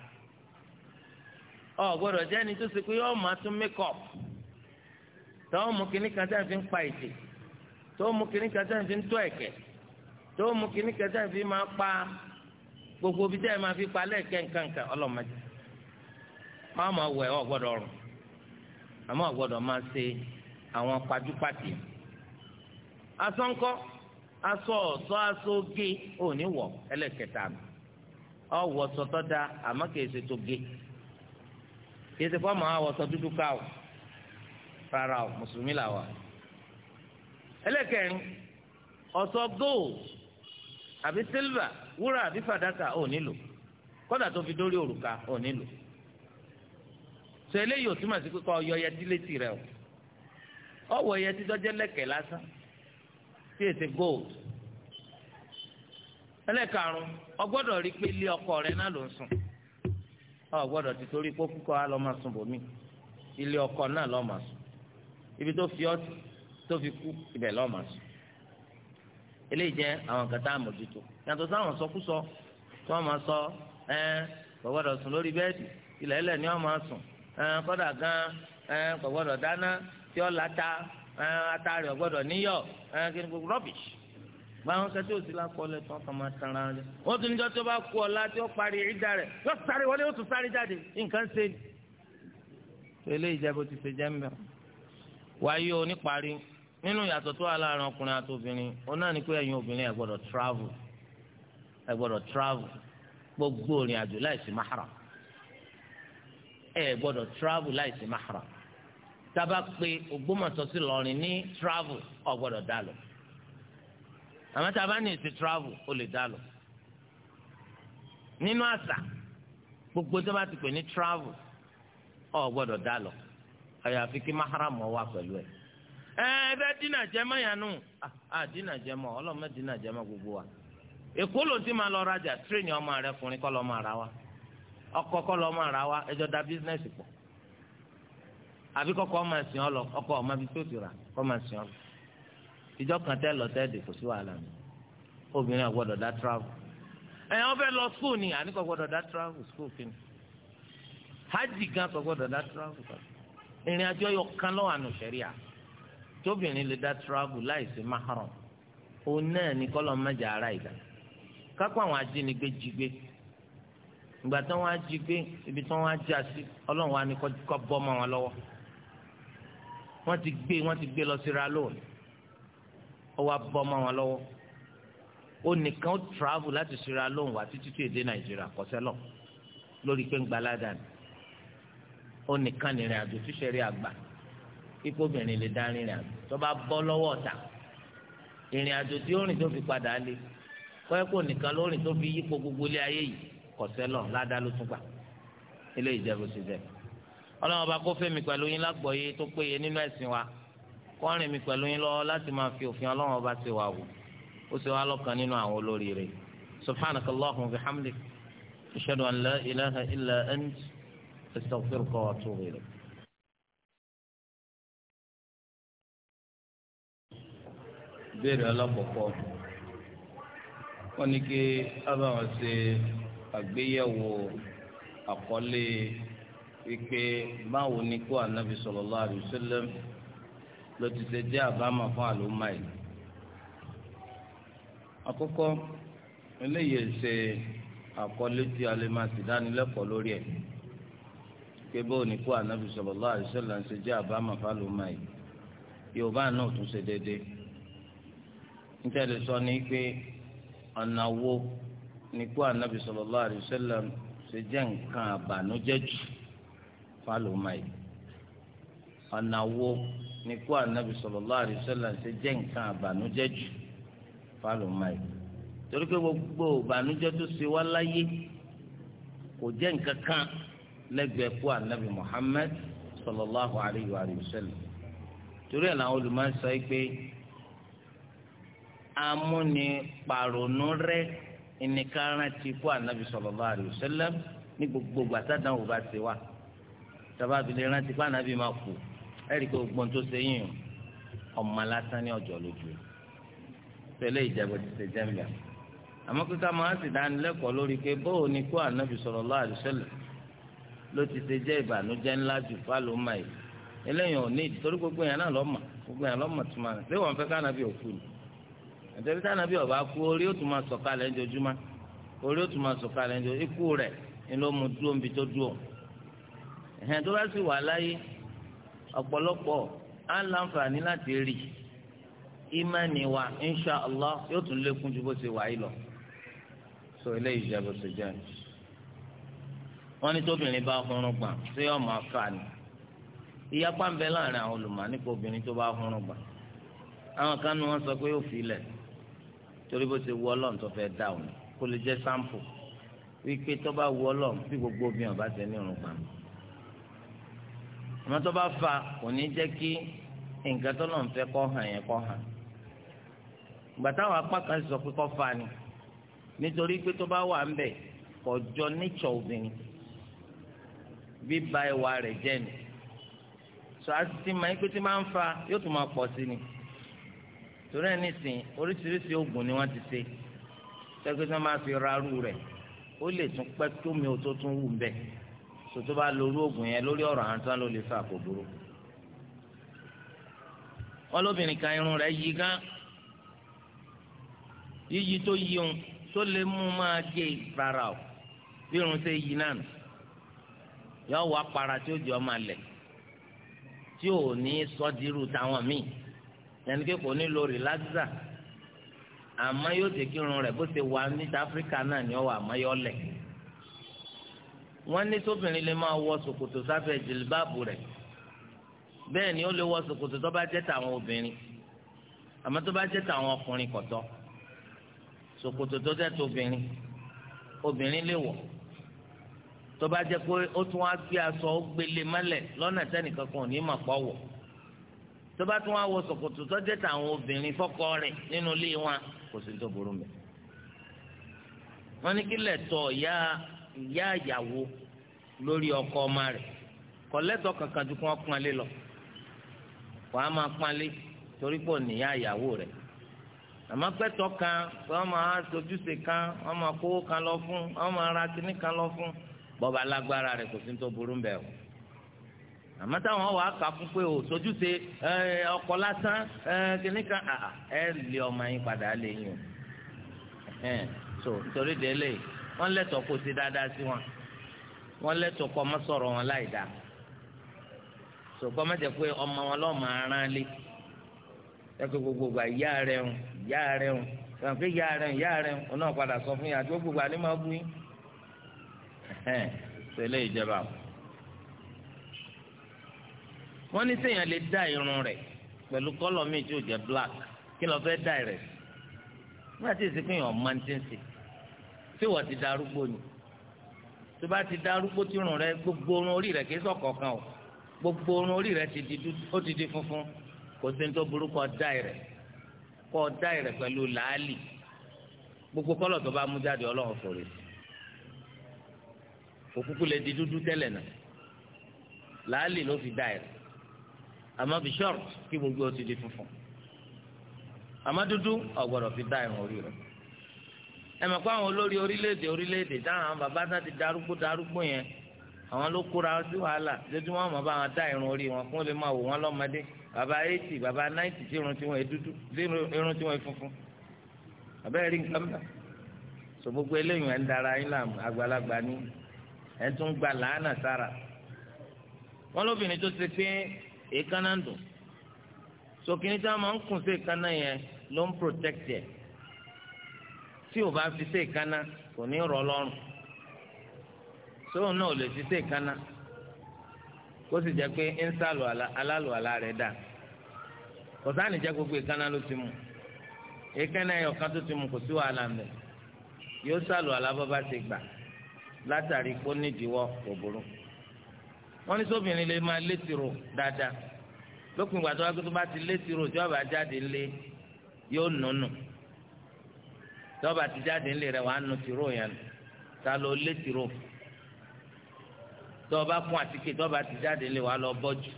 ọ gbọ́dọ̀ jẹ́ ẹni tó ṣe pé yọọ máa tún mékọp tó mú nkpa kan tẹ́ fi ń pa ètè tó mú kíní kan tẹ́ fi ń tó ẹ̀kẹ́ tó fi máa pa gbogbo bí tẹ́ máa fi pa lẹ́ẹ̀kẹ́ nkankan ọlọ́mọdé wọ́n máa wẹ̀ ọ gbọ́dọ̀ rùn àmọ́ ọ máa ṣe àwọn asọ́nkọ́ aṣọ ọ̀ṣọ́ aṣọ oge òní wọ̀ sọtọ́ ge. kìí ṣe fọ́ọ̀mù àwọ̀sọ dúdú ká o rárá o mùsùlùmí là wà. ẹlẹ́kẹ̀rin ọ̀sọ́ gold àbí silver, wúrà àbí fàdákà ò nílò kọ́dà tó fi dórí òrùka ò nílò. sọ eléyìí ò túmọ̀ sí kíkọ́ ọyọ yẹtí létí rẹ o ọwọ́ yẹtí dọ́jẹ́ lẹ́kẹ̀ lásán tí èsì gold. ẹlẹ́karùn-ún ọgbọ́dọ̀ rí pé ilé ọkọ rẹ náà ló ń sùn ọ gbọ́dọ̀ ti torí pé kúkọ á lọ máa sùn bòmí ilé ọkọ náà lọ máa sùn ibi tó fi ọ tó fi kú ibẹ̀ lọ máa sùn eléyìí jẹ́ àwọn nǹkan tá a mójútó yàtọ̀ sáwọn sọkúsọ tí wọ́n máa sọ ẹ kò gbọ́dọ̀ sùn lórí bẹ́ẹ̀dì ilẹ̀ ilẹ̀ ni wọ́n máa sùn ẹ kọ́dà gan ẹ kò dáná tí ọ láta ẹ ata rẹ̀ gbọ́dọ̀ ẹ kí ni gbogbo rọ́bìṣì báwọn kẹtí òsì lákọọlẹ tí wọn kàn máa tàn rẹ wọn tún níjọ tó bá kú ọlá tí wọn parí ìdá rẹ yóò sáré wọlé yóò tún sáré jáde nǹkan ṣe ni. tẹ́lẹ̀ ìjẹ́bù ti ṣe wáyé o níparí nínú ìyàtọ̀ tó wà láàrin ọkùnrin àti obìnrin ó náà ní pé ẹ̀yin obìnrin ẹ̀ gbọ́dọ̀ travel ẹ̀ gbọ́dọ̀ travel gbogbo àjò láìsí ẹ̀ gbọ́dọ̀ àmọ́ tá a bá ní èsì travel ó lè dá lọ nínú àṣà gbogbo tó bá ti pè ní travel ọ gbọ́dọ̀ dá lọ àyàfi kí maharamu wà pẹ̀lú ẹ ẹ ẹ bẹ dínà jẹmọ yanu ah, à ah, dínà jẹmọ ọlọmọ dínà jẹmọ gbogbo wa èkó ló ti máa lọ rajà tírénì ọmọ rẹ kùnrin kọ́ lọ máa ra wa ọkọ kọ́ lọ máa ra wa ẹjọ da bísínẹsì pọ̀ àbí ọmọ ọkọ ọmọ tó ti rà ìjọ kan tẹ́ lọ tẹ́ẹ̀dì kò sí wàhálà mi obìnrin àgbọ̀dọ̀ dá travel ẹ̀yìn wọn fẹ́ lọ school ni àníkọ̀ gbọ́dọ̀ dá travel school fi ni hajj gan kọ̀ gbọ́dọ̀ dá travel kan ìrìn àjò yọ kan lọ́wọ́ àánú sẹ́ríà tóbìnrin lè dá travel láìsí maharam òun náà ni kọ́lọ́ ara ìdá kápá àwọn ajínigbé jígbé ìgbà tí wọ́n á ibi ọwọ́ abọ́ mọ́ wọn lọ́wọ́ ó nìkan ó travel láti Sierra Leone wá títí tó èdè Nàìjíríà kọ́sẹ́lọ̀ lórí pé ń gbalada ni ó nìkan nìrìn àjò tó ṣẹ̀rí àgbà kíkó obìnrin lè dá rìnrìn àjò tó bá bọ́ lọ́wọ́ ọ̀tá ìrìn àjò tí ó rìn tó fi padà lé kọ́ẹ́ kò nìkan ló rìn tó fi yípo gbogbo ilé ayé yìí kọ́sẹ́lọ̀ ládá ló tún gbà eléyìí jẹ́ bó ṣe jẹ́ ọlọ́run ọba kó fẹ́mi pẹ̀lú yín lágbọ̀ọ́yé tó péye nínú ẹ̀sìn wa kọ́rin mi pẹ̀lú yín lọ láti máa fi òfin ọlọ́run ọba ṣe wà wò ó ṣe wá lọ́kàn nínú àwọn olórí rẹ̀ subhanaka allahumma wa bihamdik ashhadu an la ilaha illa ant astaghfiruka wa atubu ilayk. ìbéèrè alákọ̀ọ́kọ́ wọ́n ní kí abáwọn ṣe àgbéyẹ̀wò àkọlé wípé báwo ni kó anabi sallallahu alaihi ló ti ṣe jẹ́ àbámọ̀ fún àlùmá yìí. àkọ́kọ́ eléyìí ṣe àkọlé tí a lè máa ti dánilẹ́kọ̀ọ́ lórí ẹ̀ pé bó ní kó ànábì sallallahu alaihi wasallam ṣe jẹ́ àbámọ̀ fún àlùmá yìí yorùbá náà tún ṣe déédéé níta lè sọ ni pé ọ̀nà wo ní kó ànábì sallallahu alaihi wasallam ṣe jẹ́ nǹkan àbànújẹ́ jù fún àlùmá yìí ọ̀nà wo ní kú ànábì sallallahu alaihi wasallam ṣe jẹ́ nǹkan àbànújẹ́ jù fálùmáì torí pé gbogbo ìbànújẹ́ tó ṣe wá láyé kò jẹ́ nǹkan kan lẹ́gbẹ̀ẹ́ kú ànábì Muhammad sallallahu alaihi wasallam torí ẹ̀ làwọn olùmọ̀ọ́ sọ pé amúnipàrònú rẹ̀ ìnìkan ti kú ànábì sallallahu alaihi wasallam ní gbogbo gbàtàdàn ò bá ṣe wá sábàbí lè rántí pé ànábì máa kú. ẹ̀rí kó gbọ́n tó ṣe yín ọmọ lásán ní ọjọ́ lójú tẹ́lẹ̀ ìjẹ́bù ti ṣe jẹ́mbẹ̀. àmọ́ kíkà máa sì dánilẹ́kọ̀ọ́ lórí pé bóò ni kó ànábì sallallahu ló ti ṣe jẹ́ ìbànújẹ́ ńlá jù fálọ́mà yìí eléyìí ò ní gbogbo yẹn náà lọ́mà gbogbo yẹn tó máa wọ́n fẹ́ kánábì òkú ni àtẹ̀bí kánábì ọ̀bá kú orí ó tún máa orí ó tún máa ikú rẹ̀ ni ló mu dúró níbi tó dúró ẹ̀hẹ́n tó bá sì ọ̀pọ̀lọpọ̀ á ń láǹfààní láti rí ìmánì wa insha allah yóò tún lékún ju bó ṣe wà yìí lọ so eléyìí jẹ bó ṣe jẹ wọn ní tóbìnrin bá hurun gbà ṣé ọmọ afa ni ìyapa ń bẹ láàrin àwọn olùmọ̀ nípa obìnrin tó bá hurun gbà àwọn kan ní wọn sọ pé yóò fi ilẹ̀ torí bó ṣe wù Ọlọ́run tó fẹ́ dá òun kó lè jẹ́ sáǹpù wípé tó bá wù Ọlọ́run bí gbogbo obìnrin ọba ṣe ní irun gbà àmọ́ tó bá fa kò ní jẹ́ kí nǹkan tó lọ́n fẹ́ kọ́ hàn yẹn kọ́ hàn ìgbà táwọn apá kan sọ pé kọ́ fa ni nítorí pé tó bá wà ń bẹ̀ kò jọ nítsọ̀ obìnrin bíba ìwà rẹ̀ jẹ́ ni sọ àti máa pé tí máa ń fa yóò tún máa pọ̀ sí ni torí ẹ̀ nísìnyí oríṣiríṣi oògùn ni wọ́n ti ṣe tẹ́gbẹ́ tí wọ́n máa fi ra arú rẹ̀ ó lè tún pẹ́ tómi ò tó tún wù ń bẹ́ẹ̀ sòtò bá lórí oògùn yẹn lórí ọ̀rọ̀ àwọn tán ló lè fà kó burú. wọ́n lóbìnrin kan irun rẹ̀ yí gán yíyí tó yí òun tó lè mú máa gé e rárá o bí irun ṣe yí náà yọ wá para tí ó jẹ́ ọmọ alẹ̀ tí ò ní sọ́dírù táwọn míì yẹn kí kò ní lo rìláxà àmọ́ yóò jẹ́ kí rẹ̀ bó ṣe wà ní South Africa náà ni ó wà àmọ́ yọ lẹ̀ wọ́n ní tóbìnrin lè máa wọ ṣòkòtò sábẹ́ jìlbáàbù rẹ̀ bẹ́ẹ̀ ni ó lè wọ ṣòkòtò tó bá jẹ́ tàwọn obìnrin àmọ́ tó bá jẹ́ tàwọn ọkùnrin kò tọ́ ṣòkòtò tó jẹ́ tóbìnrin obìnrin lè wọ̀ tó bá jẹ́ pé ó tún wá gbé aṣọ ó gbélé mọ́lẹ̀ lọ́nà tẹ́nìkan kan ní mà pọ̀ tó bá tún wá wọ ṣòkòtò tó jẹ́ tàwọn obìnrin fọ́kọ rẹ̀ nínú ilé wọn kò sí tó burú mi wọ́n ní kí lẹ̀ ya ìyá àyàwó lórí ọkọ ọmọ rẹ kọlẹtọ kankan ju kí lọ wàá máa pọ́nlé torí pò ní ìyá àyàwó ka a kan wọ́n máa sojúṣe kan wọ́n máa kówó kan lọ fún máa ra kíní kan lọ fún kò sí tó burú o sojúṣe ọkọ lásán kíní kan ẹ ọmọ yín padà yín wọ́n lẹ́tọ̀ọ́ kó ṣe dáadáa sí wọn wọ́n lẹ́tọ̀ọ́ kó má sọ̀rọ̀ wọn láì dáa sọkọ mẹjẹ pé ọmọ wọn lọ́ọ́ máa rán lé ẹgbẹ́ gbogbo gbà ìyá rẹ̀ ń ìyá rẹ̀ ń sọ̀rọ̀ pé ìyá rẹ̀ ń ìyá rẹ̀ ń òun náà padà sọ fún yàrá tí ó gbogbo àlẹ́ máa bú yín tẹ́lẹ̀ ìjọba wọ́n ní sèèyàn lè dá irun rẹ̀ pẹ̀lú kọ́lọ̀ míì tí ò jẹ́ black kí ló fẹ́ dá rẹ̀ nígbà tí ìsìnkú yẹn ọ̀ máa ń ń sè tí wọ́n ti darúgbó ni tó bá ti darúgbó tí irun rẹ gbogbo irun orí rẹ kìí sọ̀kọ̀ọ̀kan o gbogbo irun orí rẹ ti di ó ti di funfun kò sí ní tó burú kọ́ dá rẹ̀ kọ́ dá rẹ̀ pẹ̀lú làálì gbogbo kọ́lọ̀ tó bá mú jáde ọlọ́run fòrè òkúkú lè di dúdú tẹ́lẹ̀ náà làálì ló fi dá rẹ̀ àmọ́ bí ṣọ́ọ̀rù kí gbogbo ó ti di funfun àmọ́ dúdú ọ̀gbọ́dọ̀ fi dá irun orí rẹ̀ ẹ mọ̀ pé àwọn olórí orílẹ̀-èdè orílẹ̀-èdè táwọn àwọn bàbá náà ti darúgbó darúgbó yẹn àwọn ló kóra sí wàhálà lójúmọ́ àwọn bá wọn dá irun orí wọn fún lè máa wò wọ́n lọ́mọdé bàbá eighty bàbá ninety tí irun tiwọn dúdú tí irun tiwọn funfun àbẹ́rẹ́ rí nǹkan mọ́ so gbogbo eléyìí ẹ̀ ń dara yín láàmú àgbàlagbà ni ẹ̀ ń tún gba làánà sára wọn lóbìnrin tó ṣe pé èékánná ń dùn so kìnìún tí wọn máa ń kùn sí èékánná yẹn ló ń protect yẹn tí o bá fi ṣe ìkànnà kò ní rọ lọ́rùn sóun náà ò lè fi ṣe ìkànnà kó sì jẹ́ pé ń sàlù alálùwàlá rẹ̀ dà kò sáànì jẹ́ gbogbo ìkànnà ló ti mú ìkànnà ẹ̀yọ̀ kan tó ti mú kò sí wàhálà mẹ́ yóò sàlù alábọ́bá ti gbà látàrí kó nídìíwọ́ kò burú wọ́n ní sóbìnrin lè máa létiro dáadáa lópin ìgbà tó wá pé tó bá ti létiro tí wọ́n bá jáde lé yóò nùnù. No, no tọ́ba ti jáde ńlẹ̀ rẹ̀ wàá nu tìró yẹn ta ló lé tìró tọ́ba kún àtìkè tọ́ba ti jáde ńlẹ̀ wàá lọ bọ́jú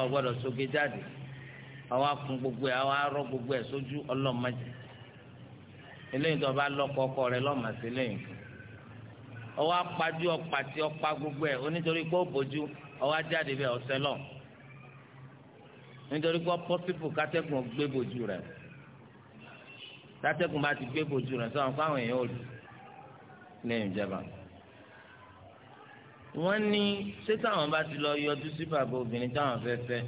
ọ̀ gbọ́dọ̀ soge jáde àwa kun gbogbo ẹ̀ àwa rọ gbogbo ẹ̀ sójú ọlọ́mọdé eléyìí tọ́ba lọ́kọ ọkọ rẹ̀ lọ́mọdé lẹ́yìn ọwọ́ apájú ọ̀pá tí ọ̀pá gbogbo ẹ̀ onítorí pé ó bójú ọwọ́ ajáde bẹ́ẹ̀ ọ̀sẹ̀ lọ nítorí pé ó kátẹ́gùn gbé bójú rẹ̀ tátẹ́kùn bá ti gbé bojú rẹ̀ sọ̀rọ̀ fáwọn èèyàn òòlù lẹ́yìn ìjọba. wọ́n ní ṣé táwọn bá ti lọ yọjú sí bàbá obìnrin táwọn fẹ́ fẹ́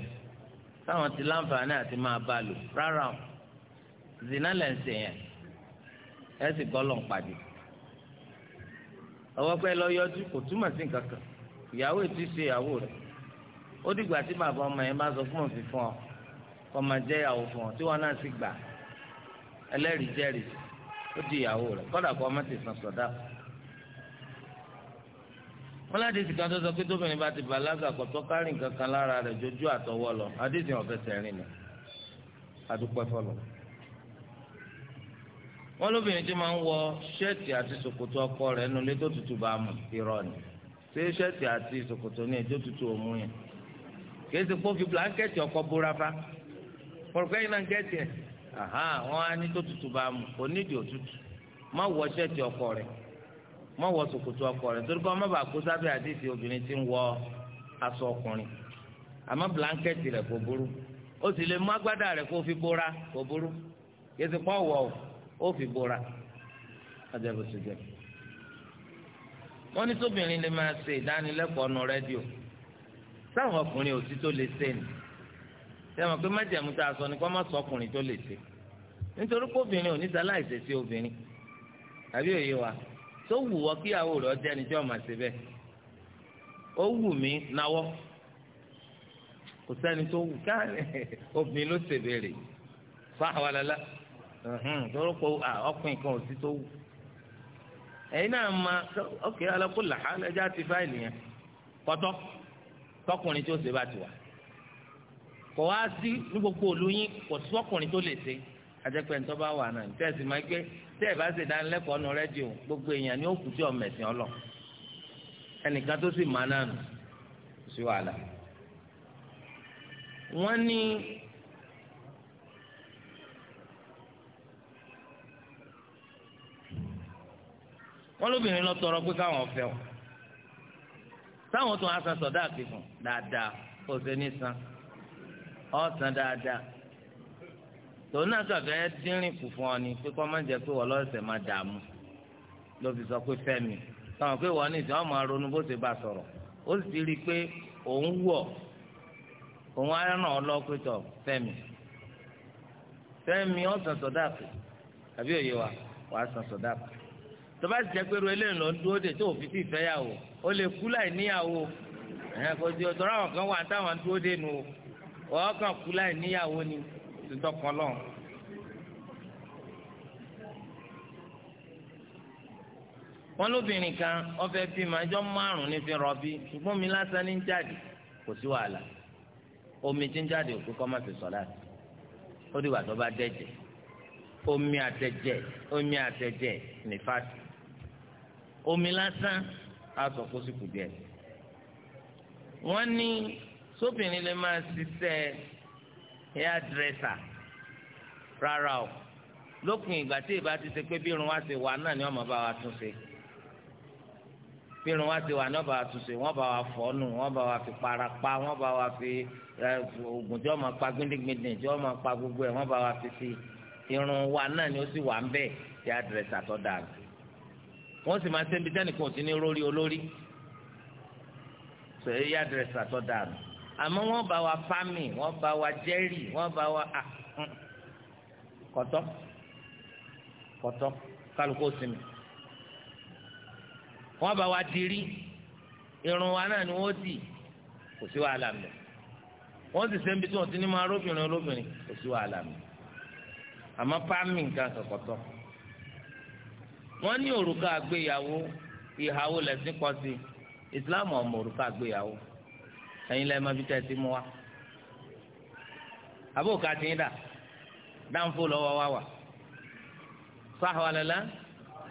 táwọn ti láǹfààní àti máa bá lò rárá o zina lẹ̀ ń sè yẹn ẹ sì gbọ́lọ̀ ń pàdé. ọwọ́ pẹ́ lọ yọjú kò túmọ̀ sí nǹkan kan ìyàwó ètí ṣe ìyàwó rẹ̀ ó dìgbà tí bàbá ọmọ yẹn bá sọ fún òfin fún ọ kọ́ máa jẹ́ ìyàwó fún ọ tí wọ́n náà sì gbà á ẹlẹ́rìí jẹ́rìí ó di ìyàwó rẹ̀ kọ́dà kó ọmọ ti sàn sọ̀dá. wọ́n láti sìkà tó sọ pé tóbìnrin bá ti bàlágà kọ́tọ́ kárìn kankan lára rẹ̀ jójú àtọwọ́ lọ adéjì ọ̀fẹ́ sẹ́rin lọ adúpẹ́ fọlọ́. wọ́n lóbìnrin tí máa ń wọ ṣẹ́ẹ̀tì àti ṣòkòtò ọkọ rẹ̀ nulẹ̀ tó tutù bá mú irọ́ ni ṣé ṣẹ́ẹ̀tì àti ṣòkòtò ní ètò tutù òmu yẹn kì í ṣe pé fi blanketi ọkọ bóra fa mo ń gẹ́tì ẹ̀ wọn á ní tó tutù bá mu kò nídìí òtútù má wọ ṣẹ́ẹ̀tì ọkọ rẹ̀ má wọ ṣòkòtò ọkọ rẹ̀ torí kọ́ má bàa kó sábẹ́ àdìsí obìnrin tí ń wọ aṣọ ọkùnrin àmọ́ blanketi rẹ̀ kò burú ó sì lè mú agbádá rẹ̀ kó fi bóra kò burú yẹ ti pọ̀ wọ̀ ó fi bóra ajẹ́bù sí jẹ́ wọ́n ní tóbìnrin lè máa ṣe ìdánilẹ́kọ̀ọ́ nu rédíò sáwọn ọkùnrin òtítọ́ lè ṣe ni sẹ́wọ̀n pé májẹ̀mú tá a sọ ni kó má sọkùnrin tó lè ṣe nítorí pé obìnrin ò ní sa láì ṣèṣe obìnrin àbí òye wa tó wù wọ́ kíyàwó rẹ̀ ọjọ́ ẹni tí ọ̀ máa ṣe bẹ́ẹ̀ ó wù mí náwọ́ kò sẹ́ni tó wù ká <laughs> obìnrin ló ṣe béèrè fa àwàlálá torí pé ọkùnrin kan ò sí tó wù ẹ̀yin náà ma ọkẹ́ alákòlà ẹja ti fáìlì yẹn kọ́tọ́ tọkùnrin tó ṣe bá ti wà kò wá sí ní gbogbo òlu yín kò sí ọkùnrin tó lè ṣe àjẹpẹ́ ń tọ́ba wà náà tẹ́ ẹ sì máa gbé tẹ́ ẹ bá ṣe dánilẹ́kọ̀ọ́ nu rẹ́díò gbogbo èèyàn ní òkú tí ọmọ ẹ̀sìn ọlọ ẹnìkan tó sì máa náà nù sí wàhálà. wọ́n ní wọ́n lóbìnrin lọ tọrọ pé káwọn fẹ́ o táwọn tó ń asan sọ̀dá àti dáadáa kò sí ní san. ọ̀sán dáadáa tòun náà kàfẹ́ dínrín kù fún ọ ni pé kọ́ máa jẹ́ pé wọ́n lọ́sẹ̀ máa dààmú ló fi sọ pé fẹ́mi táwọn pé wọ́n ní ìsìn ọmọ ronú bó ṣe bá sọ̀rọ̀ ó sì rí i pé òun wọ̀ òun á ràn ọ́ lọ́pẹ́tọ̀ fẹ́mi fẹ́mi ọ̀sán sọ̀dáàpù àbí òye wa wàá sàn sọ̀dáàpù tó bá jẹ́ pé ru eléyìí ló ń dúró wọ́n kàn kú láì níyàwó ni ìdọ́kan lọ́n. wọ́n lóbìnrin kan ọfẹ́ bímọ ẹjọ́ márùn-ún ní fi rọbí ṣùgbọ́n mi lásán ní jáde kò sí wàhálà omi tí ń jáde òkú kọ́ máa fi sọ̀lá ó dìgbà tó bá dẹ̀jẹ̀ omi àtẹ̀jẹ̀ omi àtẹ̀jẹ̀ nífàsì omi lásán á sọ kó sì kù díẹ̀ wọ́n ní sóbìnrin lè máa ṣiṣẹ́ hairdresser rárá o lópin ìgbà tí ìbá ti ṣe pé bí irun wa ṣe wà náà ni wọ́n máa bá wa tún ṣe bí irun wa ṣe wà náà bá wa tún ṣe wọ́n bá wa fọ́nù wọ́n bá wa fi para pa wọ́n bá wa fi oògùn tí wọ́n máa pa gbindingbindin tí wọ́n máa pa gbogbo ẹ̀ wọ́n bá wa fi sí irun wa náà ni ó sì wà ń bẹ̀ tí hairdresser tó dáa wọ́n sì máa ṣe ibi tẹ́nìkan ò sí ní rórí olórí so hairdresser tó dáa nù àmọ́ wọ́n bá wa fámì wọ́n bá wa jẹ́rì wọ́n bá wa à mm, kọ̀tọ́ kọ̀tọ́ kálukó sinmi wọ́n bá wa dirí irun wa náà ni wọ́n dì kò sí wàhálà mi wọ́n sì sẹ́ńbi tí wọ́n ti ní máa róbìnrin róbìnrin kò sí wàhálà mi àmọ́ fámì nǹkan kọ̀tọ́ wọ́n ní òrùka àgbéyàwó ìhàwó lẹ́sìn kọ́ sí ọmọ òrùka àgbéyàwó ẹ̀yin lẹ́yìn máa fi tẹ̀ sí mu wa àbò ká ti ń dà dáńfó lọ́wọ́ wa wà sáà wà lẹ́la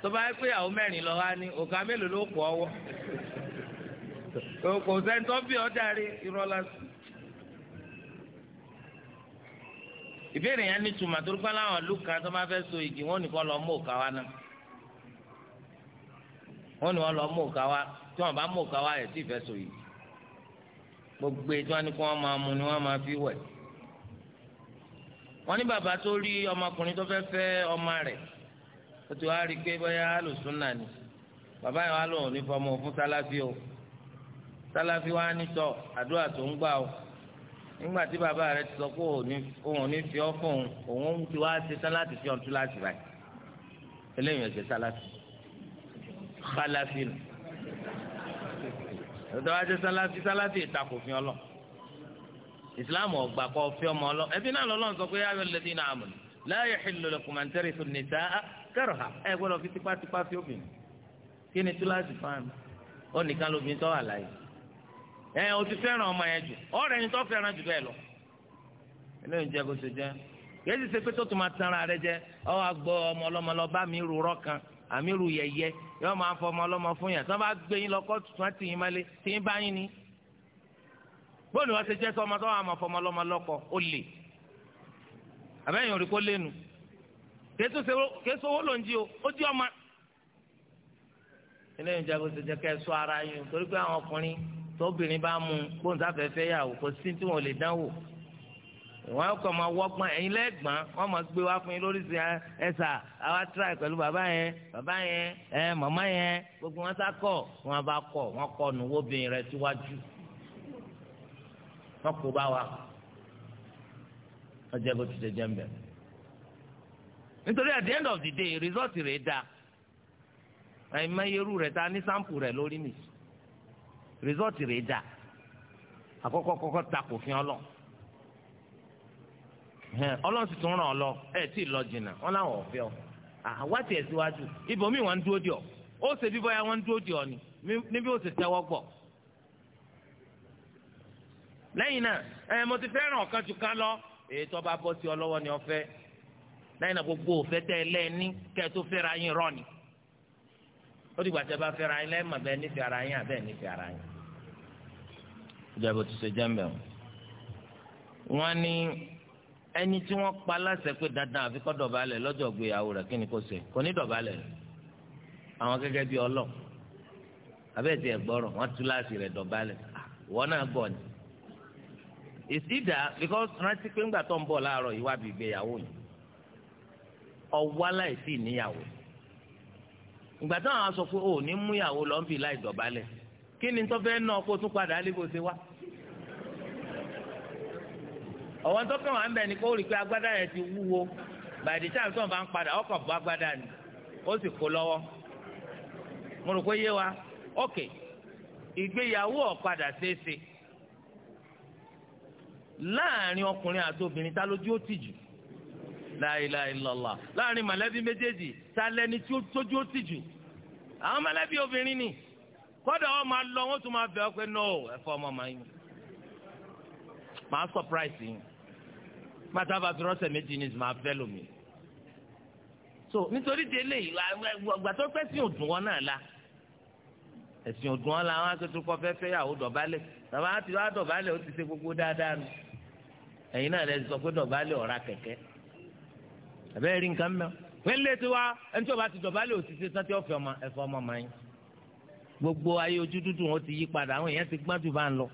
tó bá yẹ pé àwọn mẹ́rin lọ́wọ́ á ní òkà mélòó ló pọ̀ ọwọ́ kò sẹ́ńtọ́ bí ọ̀dàrí ìrọ̀lá sí. ìbéèrè yẹn ní tuma torí pé láwọn ìlú tó máa fẹ́ so igi wọn nìkan lọ mú òkà wa náà wọn ni wọn lọ mú òkà wa tí wọn bá mú òkà wa yẹ tí ì fẹ́ so igi gbogbo ètò wọn ni kí wọn máa mu ni wọn máa fi wẹ̀ wọn ní bàbá tó rí ọmọkùnrin tó fẹ́ fẹ́ ọmọ rẹ̀ ó ti wá rí i pé bóyá alùsùn náà ni bàbá yẹn wá lòun ní fọmọ fún sálàfí o sálàfí wa ní tọ àdúrà tó ń gbà o nígbà tí bàbá rẹ̀ ti sọ pé òun ò ní fi ọ́ fún òun òun ti wá ṣe sálàfí fi ọ̀tún láti báyìí eléyìí ẹ̀ṣẹ̀ sálàfí sálàfí nù. ọ̀dọ́ wa ṣe sálátì sálátì ìtakò fi ìsìláàmù ọgbà fi ọmọ ọlọ ẹbí náà lọ́lọ́ sọ pé ayọ̀ lẹ́dí náà àmọ̀ láàyè xìlò lẹ́kùn fún kẹrọ ha ẹ gbọ́dọ̀ fi fi obìnrin kí ni túláàsì fáwọn nìkan tó wà láyé ẹ o ti ọmọ yẹn jù ni tó jù lọ kan yóò máa fọmọ ọlọ́mọ fún yàn tí wọ́n bá gbé yín lọ kóòtù tí wọ́n ti yín mọ́lé tí yín bá yín ni bóòlù wọn ti jẹ́ sọ ọmọ tó wà máa fọmọ ọlọ́mọ lọ́kọ ó lè àbẹ́yìn òrìkó lẹ́nu kéésù owó ló ń jí o ó jí ọmọ. eléyìí jẹ́ kó ṣe jẹ́ kẹ́ ẹ sọ ara yín torí pé àwọn ọkùnrin tóbìnrin bá mú gbóǹsáfẹ́fẹ́ yàwó kò sí tí wọ́n lè dánwò wọn kọ máa wọgbọn ẹyin lẹgbọn wọn máa gbé wá fún yín lórí sí ah, ẹsà àwa tíráì pẹ̀lú bàbá yẹn bàbá yẹn ẹ màmá yẹn gbogbo wọn sákọ wọn bá kọ wọn kọ nùwóbìnrin rẹ síwájú wọn kò bá wa ọjọ́ bó ti ṣe jẹ mbẹ nítorí at the end of the day result rẹ da àìmọyeru rẹ ta ní sample rẹ lórí mi result rẹ da àkọ́kọ́ kọ́kọ́ ta kò fi ọ lọ. ọlọ́run sì tún ràn lọ ẹ̀ tí ì lọ jìnnà wọn làwọn ọ̀fẹ́ ọ àwa tiẹ̀ síwájú ibòmíì wọn ń dúró dì ọ́ ó ṣe bí bọ́yá wọn ń dúró ni níbi ó tẹ́wọ́ lẹ́yìn náà ẹ mo ti fẹ́ràn ọ̀kan ju ká lọ èyí ọ lọ́wọ́ ni ọ̀fẹ́ lẹ́yìn náà gbogbo òfẹ́ tẹ́ ẹ lẹ́ẹ̀ni kẹ́ yín rọ ni ó dìgbà bá fẹ́ra yín nífẹ̀ẹ́ ara yín nífẹ̀ẹ́ ara yín. ìjọba ti ẹni tí wọ́n pa láṣẹ pé dandan àfi kó dọ̀bálẹ̀ lọ́jọ́ ìgbéyàwó rẹ̀ kí ni kò ṣe kò ní dọ̀bálẹ̀ àwọn gẹ́gẹ́ bíi ọlọ́ abẹ́ẹ̀tì ẹ̀gbọ́rọ̀ wọ́n tú láṣì rẹ̀ dọ̀bálẹ̀ ah, wọ́n náà gbọ́ ni ìsídà because rántí pé ńgbà tó ń bọ̀ láàárọ̀ ìwádìí ìgbéyàwó yìí ọwọ́ aláìsí níyàwó ìgbà táwọn á sọ pé ò ní múyàwó lọ́nbì láì dọ̀bálẹ̀ kí ni tó fẹ́ náà kó tún padà á bó ṣe wá ọ̀wọ́n tó kàn wá ń bẹ̀ ni kó rí pé agbádá yẹn ti wúwo by the time tó ń bá ń padà ọkọ̀ bọ́ agbádá ni ó sì kó lọ́wọ́ mo rò pé yé wa ok ìgbéyàwó ọ̀padà ṣeéṣe láàrin ọkùnrin àti obìnrin ta lójú ó tì jù la ilaha lọla, láàrin mọ̀lẹ́bí méjèèjì tá lẹni tí ó tójú ó tì jù àwọn mọ̀lẹ́bí obìnrin ni kódà wọn máa lọ wọn tún máa pé no ọmọ màá yín màá surprise yín pátá bá fi rọ́ọ̀sẹ̀ méjì ní ìsìn máa fẹ́ lómi. so nítorí délé ìgbà tó pẹ́ sí òdùn wọn náà la ẹ̀sìn òdùn wọn la wọn akéwìtú kọ́ fẹ́ fẹ́yàwó dọ̀bálẹ̀ bàbá àti wàá dọ̀bálẹ̀ ó ti ṣe gbogbo dáadáa nù ẹ̀yin náà lẹ́sìn sọ pé dọ̀bálẹ̀ ọ̀ra kẹ̀kẹ́ àbẹ́ rí nǹkan mẹ́ wẹ́lẹ́ tí wá ẹni tí o bá ti dọ̀bálẹ̀ ò ti ṣe sọ́tẹ́ ọ̀fẹ́ ọmọ ẹ̀fọ́ ọmọ máa yín gbogbo ayé ojú dúdú wọn ti yí padà àwọn èèyàn ti gbọ́n bá ń lọ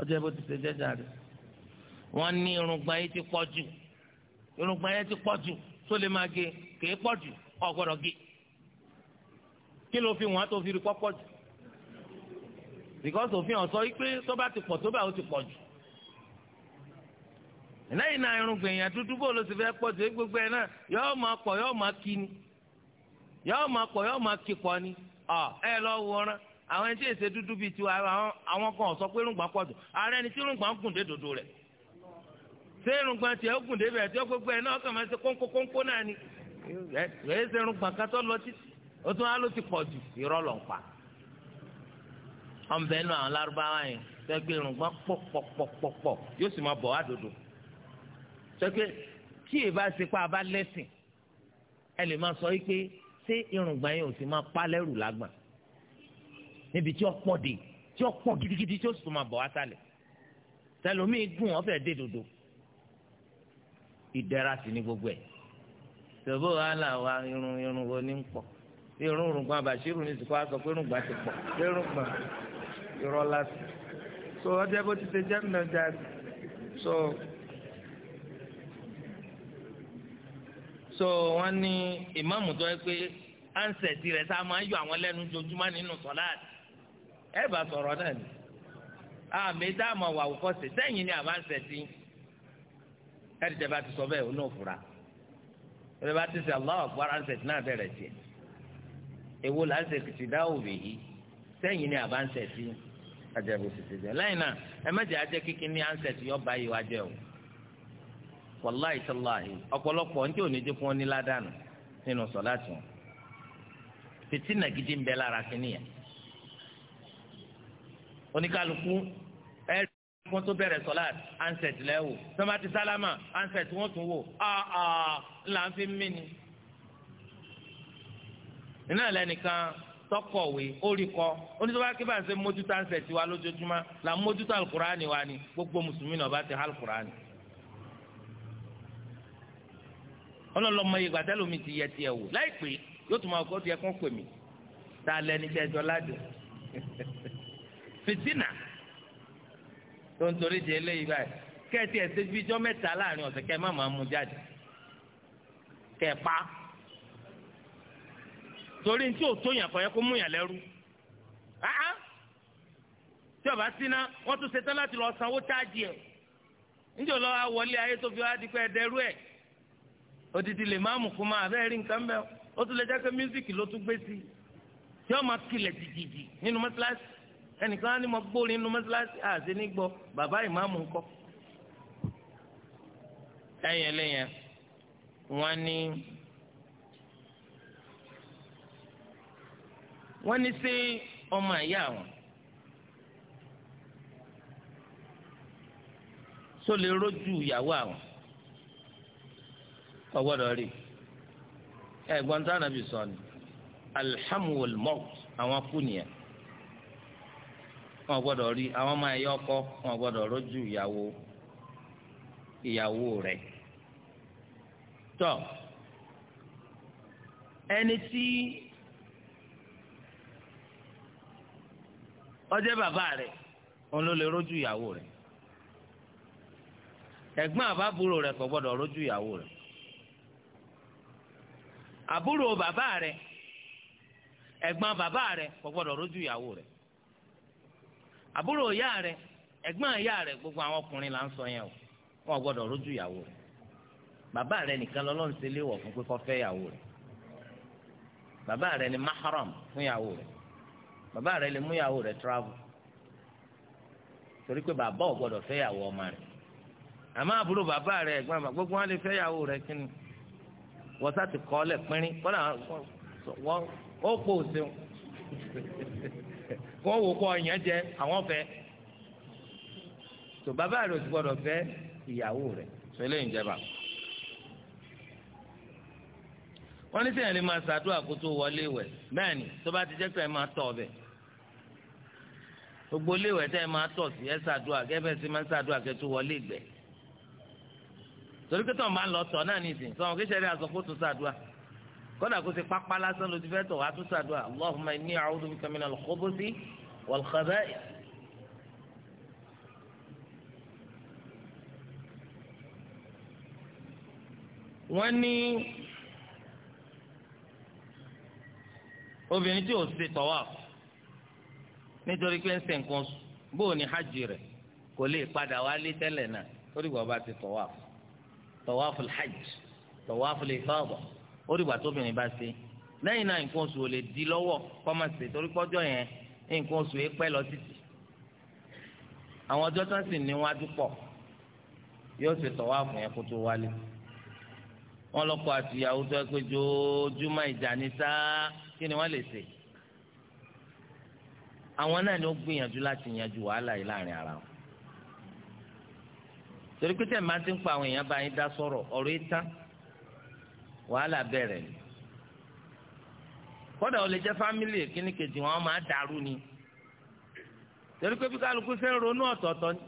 ọjọ́ ìbò ti ṣe jẹ́jà rẹ̀ wọ́n ní irungba yẹn ti pọ̀ jù irungba yẹn ti pọ̀ jù tó lè máa gé kèé pọ̀ jù ọ̀gbọ́dọ̀ gé kí ló fi wọ́n tó fi rí pọ́pọ́ jù because òfin ọ̀sọ́ yìí pé tó bá ti pọ̀ tó bá ó ti pọ̀ jù lẹ́yìn náà irungbọ̀n èèyàn dúdú bò ló ti fẹ́ pọ̀ jù gbogbo ẹ̀ náà yọ́ọ́ máa pọ̀ yọ́ọ́ máa kí ni yọ́ọ́ máa pọ̀ yọ́ọ́ máa kí pọ̀ ni ẹ lọ wọ̀ọ́rán àwọn ẹni tí èsè dúdú bíi tiwa àwọn kan ọ̀sọ́ pé irungbọ̀n pọ̀ jù ààrẹ ni tí irungbọ̀n gùn dé dòdò rẹ̀ ṣé irùngbọ̀n tiẹ̀ ó gùn débẹ̀ tí ó gbogbo ẹ̀ náà kàn máa ṣe kónkó kónkó náà ni ẹ̀ ṣe irùngbọ̀n kan tó lọ títí ó tún á ló ti pọ̀ jù irọ́ lọ pa ọ̀nbẹ náà àwọn lárúbáwá yẹn tẹ́gbẹ́ irùngbọ̀n pọ̀pọ̀pọ̀pọ̀ yóò sì máa bọ̀ wá dòdò tẹ́gbẹ́ tí ì bá ṣe pa abá lẹ́sìn ẹ lè máa sọ yìí pé ṣé irùngbọ̀n yẹn ò sì máa pa lẹ́rù lágbọ̀n níbi tí ó pọ̀ dé tí ó pọ̀ gidigidi tí ó sì tún máa bọ̀ wá sálẹ̀ tẹlomi gùn ọ̀fẹ́ dé dòdò ìdẹ̀ra sí ní gbogbo ẹ̀ tòbó wàhálà wa irun irun wo ní pọ̀ irun rùngbọ̀n àbàṣírù ní sìkọ́ àsọ pé rùngbà ti pọ̀ pé rùngbà irọ́ lásì so ọjọ́ bó ti ṣe jẹ́ mìíràn jáde so so wọ́n ní ìmáàmù tó yẹ pé ansẹ̀tì rẹ̀ sá máa ń yọ àwọn lẹ́nu jojúmọ́ nínú sọ́láàtì ẹ bá sọ̀rọ̀ náà ni àmì dáàmú àwòkọ́sẹ̀ sẹ́yìn ni àbá ansẹ̀tì yìí ẹ̀rí tẹ́ bá ti sọ bẹ́ẹ̀ onú òfura ẹ̀rí bá ti sẹ́ Allahu Akbar ansẹ̀tì náà bẹ̀rẹ̀ tiẹ̀ èwo là ń sẹ̀ kìtì dáwò bèyí sẹ́yìn ni àbá ń sẹ̀ sí àjẹbù tètè jẹ lẹ́yìn náà ẹ mẹ́jẹ̀ ajẹ́ kíkí ní ansẹ̀tì yọ bá wá jẹ́ o wàláì ọ̀pọ̀lọpọ̀ ní tí òní ní ládàánù nínú fìtínà gidi ń bẹ lára kìnìyàn wọ́n tó bẹ̀rẹ̀ sọ́láàt ansẹ̀t lẹ́wọ̀ sọ́mátì sálámà ansẹ̀t wọ́n tún wò áà ńlá ń fi mí ni. iná lẹ́nìkan tọkọ̀wé oríkọ oníṣòwò akébà ń ṣe mójútó ansẹ̀t wa lójoojúmọ́ là ń mójútó alukuraani wa ni gbogbo mùsùlùmí náà bá ti há alukuraani. ọlọ́lọ́mọ yìí gbàtẹ́lẹ̀ omi ti yẹ tiẹ̀ wò láìpẹ́ yóò tún máa kọ́ tiẹ̀ kún pèmí tá a lẹ́ni tẹ́jọ́ ládùn <laughs> fìtínà. tó ń torí di eléyìí báyìí kẹ́ẹ̀tì ẹ̀sẹ̀ bíi ijọ́ mẹ́ta láàrin ọ̀sẹ̀ kẹ́ẹ̀ má máa mú jáde pa torí tí ò tó yàn kọ́ yẹ kó mú yàn lẹ́rú áá tí ọba síná wọ́n tún ṣetán láti lọ sanwó táàjì ẹ̀ níjọ́ lọ́ wọlé ayé tó fi wá di pé ẹ̀dẹ́rú odidi lè má mú máa bẹ́ẹ̀ rí nǹkan bẹ́ẹ̀ ó tún lè jẹ́ pé ẹnìkan á ní mo gbórin nínú mọ́sálásí àti nígbọ́ bàbá ìmáàmù ńkọ́ lẹ́yìn ẹlẹ́yìn wọ́n ní wọ́n ní sí ọmọ ìyá wọn tó lè rójú ìyàwó àwọn ọgbọ́dọ̀ rí ẹ̀gbọ́n tí Ànábì sọ ni alhamdulillah àwọn akúnìyàn wọn gbọ́dọ̀ rí àwọn ọmọ ẹyọ ọkọ wọn gbọ́dọ̀ rójú ìyàwó ìyàwó rẹ̀ tọ ẹni tí ọjẹ bàbá rẹ̀ òun ló lè rójú ìyàwó rẹ̀ ẹ̀gbọ́n àbábúrò rẹ̀ kò gbọ́dọ̀ rójú ìyàwó rẹ̀ àbúrò bàbá rẹ̀ ẹ̀gbọ́n bàbá rẹ̀ kò gbọ́dọ̀ rójú ìyàwó rẹ̀ àbúrò ìyá rẹ ẹ̀gbọ́n ìyá rẹ gbogbo àwọn ọkùnrin là ń sọ yẹn o rẹ bàbá rẹ nìkan rẹ ni mahram fún ìyàwó rẹ bàbá rẹ lè mú rẹ travel torí pé bàbá ò ìyàwó rẹ àbúrò rẹ gbogbo wọn lè fẹ ìyàwó rẹ kí ni sá ti ọ pínrín <laughs> kó wò kó ọyàn jẹ àwọn fẹ́ tó bàbá rẹ̀ ò ti gbọ́dọ̀ fẹ́ ìyàwó rẹ̀ sọ eléyìí ń jẹba wọ́n ní sẹ́yìn lè máa ṣàdúrà kó tó wọlé wẹ̀ bẹ́ẹ̀ ni tó bá ti jẹ́ pé ẹ máa tọ̀ ọbẹ̀ gbogbo léwẹ̀ tẹ́ ẹ máa tọ̀ sí ẹ ṣàdúrà gẹ́gẹ́ sí máa ṣàdúrà kẹ́ tó wọlé ìgbẹ́ torí pé tọ́ọ̀ máa lọ tọ̀ náà nìsín sọ̀rọ̀ kí sẹ́rí àsọ̀kó tó ṣàdúrà kódà kó ṣe pápá lásán ló ti fẹ́ tọ̀ wá tún ṣàdúrà allahumma inni a'udhu bika minal khubuthi wal khaba'ith. wọ́n ní obìnrin tí ò ṣe tawaf nítorí pé ń ṣe nǹkan bóò ní hajj rẹ̀ kò lè padà wálé tẹ́lẹ̀ náà torí wọ́n ti tawaf tawaf al-hajj tawaf al-ifada ó dìgbà tóbìnrin bá ṣe lẹ́yìn náà nǹkan oṣù ò lè di lọ́wọ́ kọ́mọ ṣe torí pọ́jọ́ yẹn nǹkan oṣù yẹn pẹ́ lọ títì àwọn ọjọ́ tó ń sìn níwájú pọ̀ yóò ṣe tọ̀wá fún yẹn kó tó wálé wọn lọkọ àtìyàwó tó ẹ pé jojúmọ́ ìjà ní sáá kí ni wọ́n lè ṣe àwọn náà ni ó gbìyànjú láti yanjú wàhálà yìí láàrin ara wọn torí pé tẹ̀ máa ti ń pa àwọn èèyàn bá yín dá sọ̀rọ̀ ọ̀rọ̀ yìí wàhálà bẹ̀rẹ̀ ni kódà ó lè jẹ́ fámìlì kíní kejì wọn máa dàrú ni torí pé bí kálukú ṣe ń ronú ọ̀tọ̀ọ̀tọ̀ ni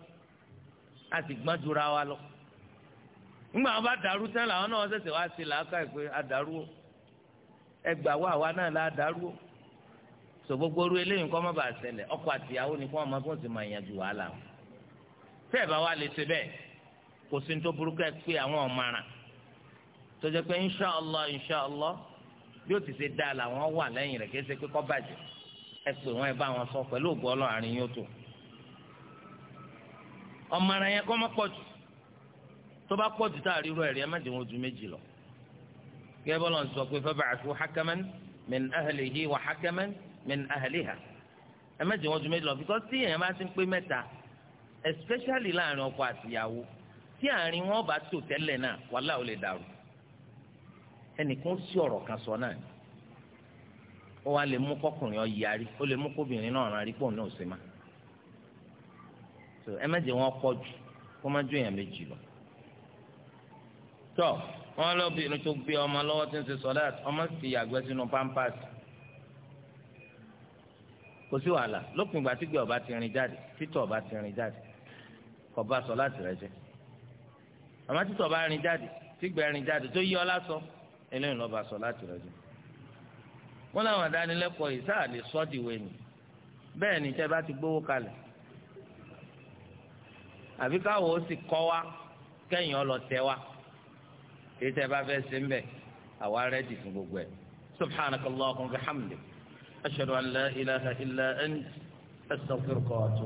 a sì gbọ́n jura wa lọ nígbà wọn bá dàrú tán làwọn náà ṣẹ̀ṣẹ̀ wá sí làákà ìpè àdàrú o ẹgbàá wa àwa náà là á o sọ gbogbo oru eléyìí kọ́ má bàa ṣẹlẹ̀ ọkọ àtìyàwó ni kí wọ́n máa bọ́ sí máa yanjú wàhálà wọn tẹ́ ẹ̀ bá wa lè ṣe bẹ́ẹ̀ kò sí ní tó burúkú ẹ pé àwọn ọ̀maràn tọ́jọ́ pé inṣàlá inṣàlá bí ó ti ṣe dáa làwọn wà lẹ́yìn rẹ̀ kéṣe pé kọ́ bàjẹ́ ẹ pè wọ́n ẹ bá wọn sọ pẹ̀lú ògbó ọlọ́run àárín yóò tó ọmọ ara yẹn kọ́ mọ́ pọ̀ jù tó bá pọ̀ jù tá a rí rú ẹ̀rí ẹ má jẹ́ wọn ju méjì lọ gẹ́gẹ́ bọ́lá ń sọ pé fab'athu hakaman min ahlihi wa hakaman min ahliha ẹ má jẹ́ wọn ju méjì lọ because tí èèyàn bá ti ń pé mẹ́ta especially láàrin ọkọ àtìyàwó tí àárín wọn bá tò tẹ́lẹ̀ náà wàhálà ó lè dàrú ẹnìkan sí ọ̀rọ̀ kan sọ náà ni ó wá lè mú kọkùnrin ọ yarí ó lè mú kóbìnrin náà rán rí pòun náà ṣe má so ẹ mẹ́jẹ̀ wọn pọ̀ jù kó má ju èèyàn méjì lọ. tọ́ wọn lọ́bìnrin tó gbé ọmọ lọ́wọ́ tí ń ṣe sọ́dá ọmọ sì yàgbẹ́ sínú pampers kò sí wàhálà lópin ìgbà tí gbé ọba ti rìn jáde títọ̀ ọba ti rìn jáde kò bá sọ láti rẹ jẹ àmọ́ títọ̀ ọba rìn jáde tí gbẹ rìn jáde tó yí ọ lásọ. So eléyìí lọ́ba sọ láti rẹ̀ jù wọ́n láwọn àdánilẹ́kọ̀ọ́ yìí sáà lè sọ́ dìwé ni bẹ́ẹ̀ ni tẹ́ bá ti gbówó kalẹ̀ àbí káwọ́ ó sì kọ́ wa kẹ́yìn ọ lọ tẹ́ wa èyí tẹ́ bá fẹ́ ṣe ń bẹ̀ àwa rẹ́dì fún gbogbo ẹ̀ subhanakallahumma wa bihamdik ashhadu an la ilaha illa ant astaghfiruka wa atubu.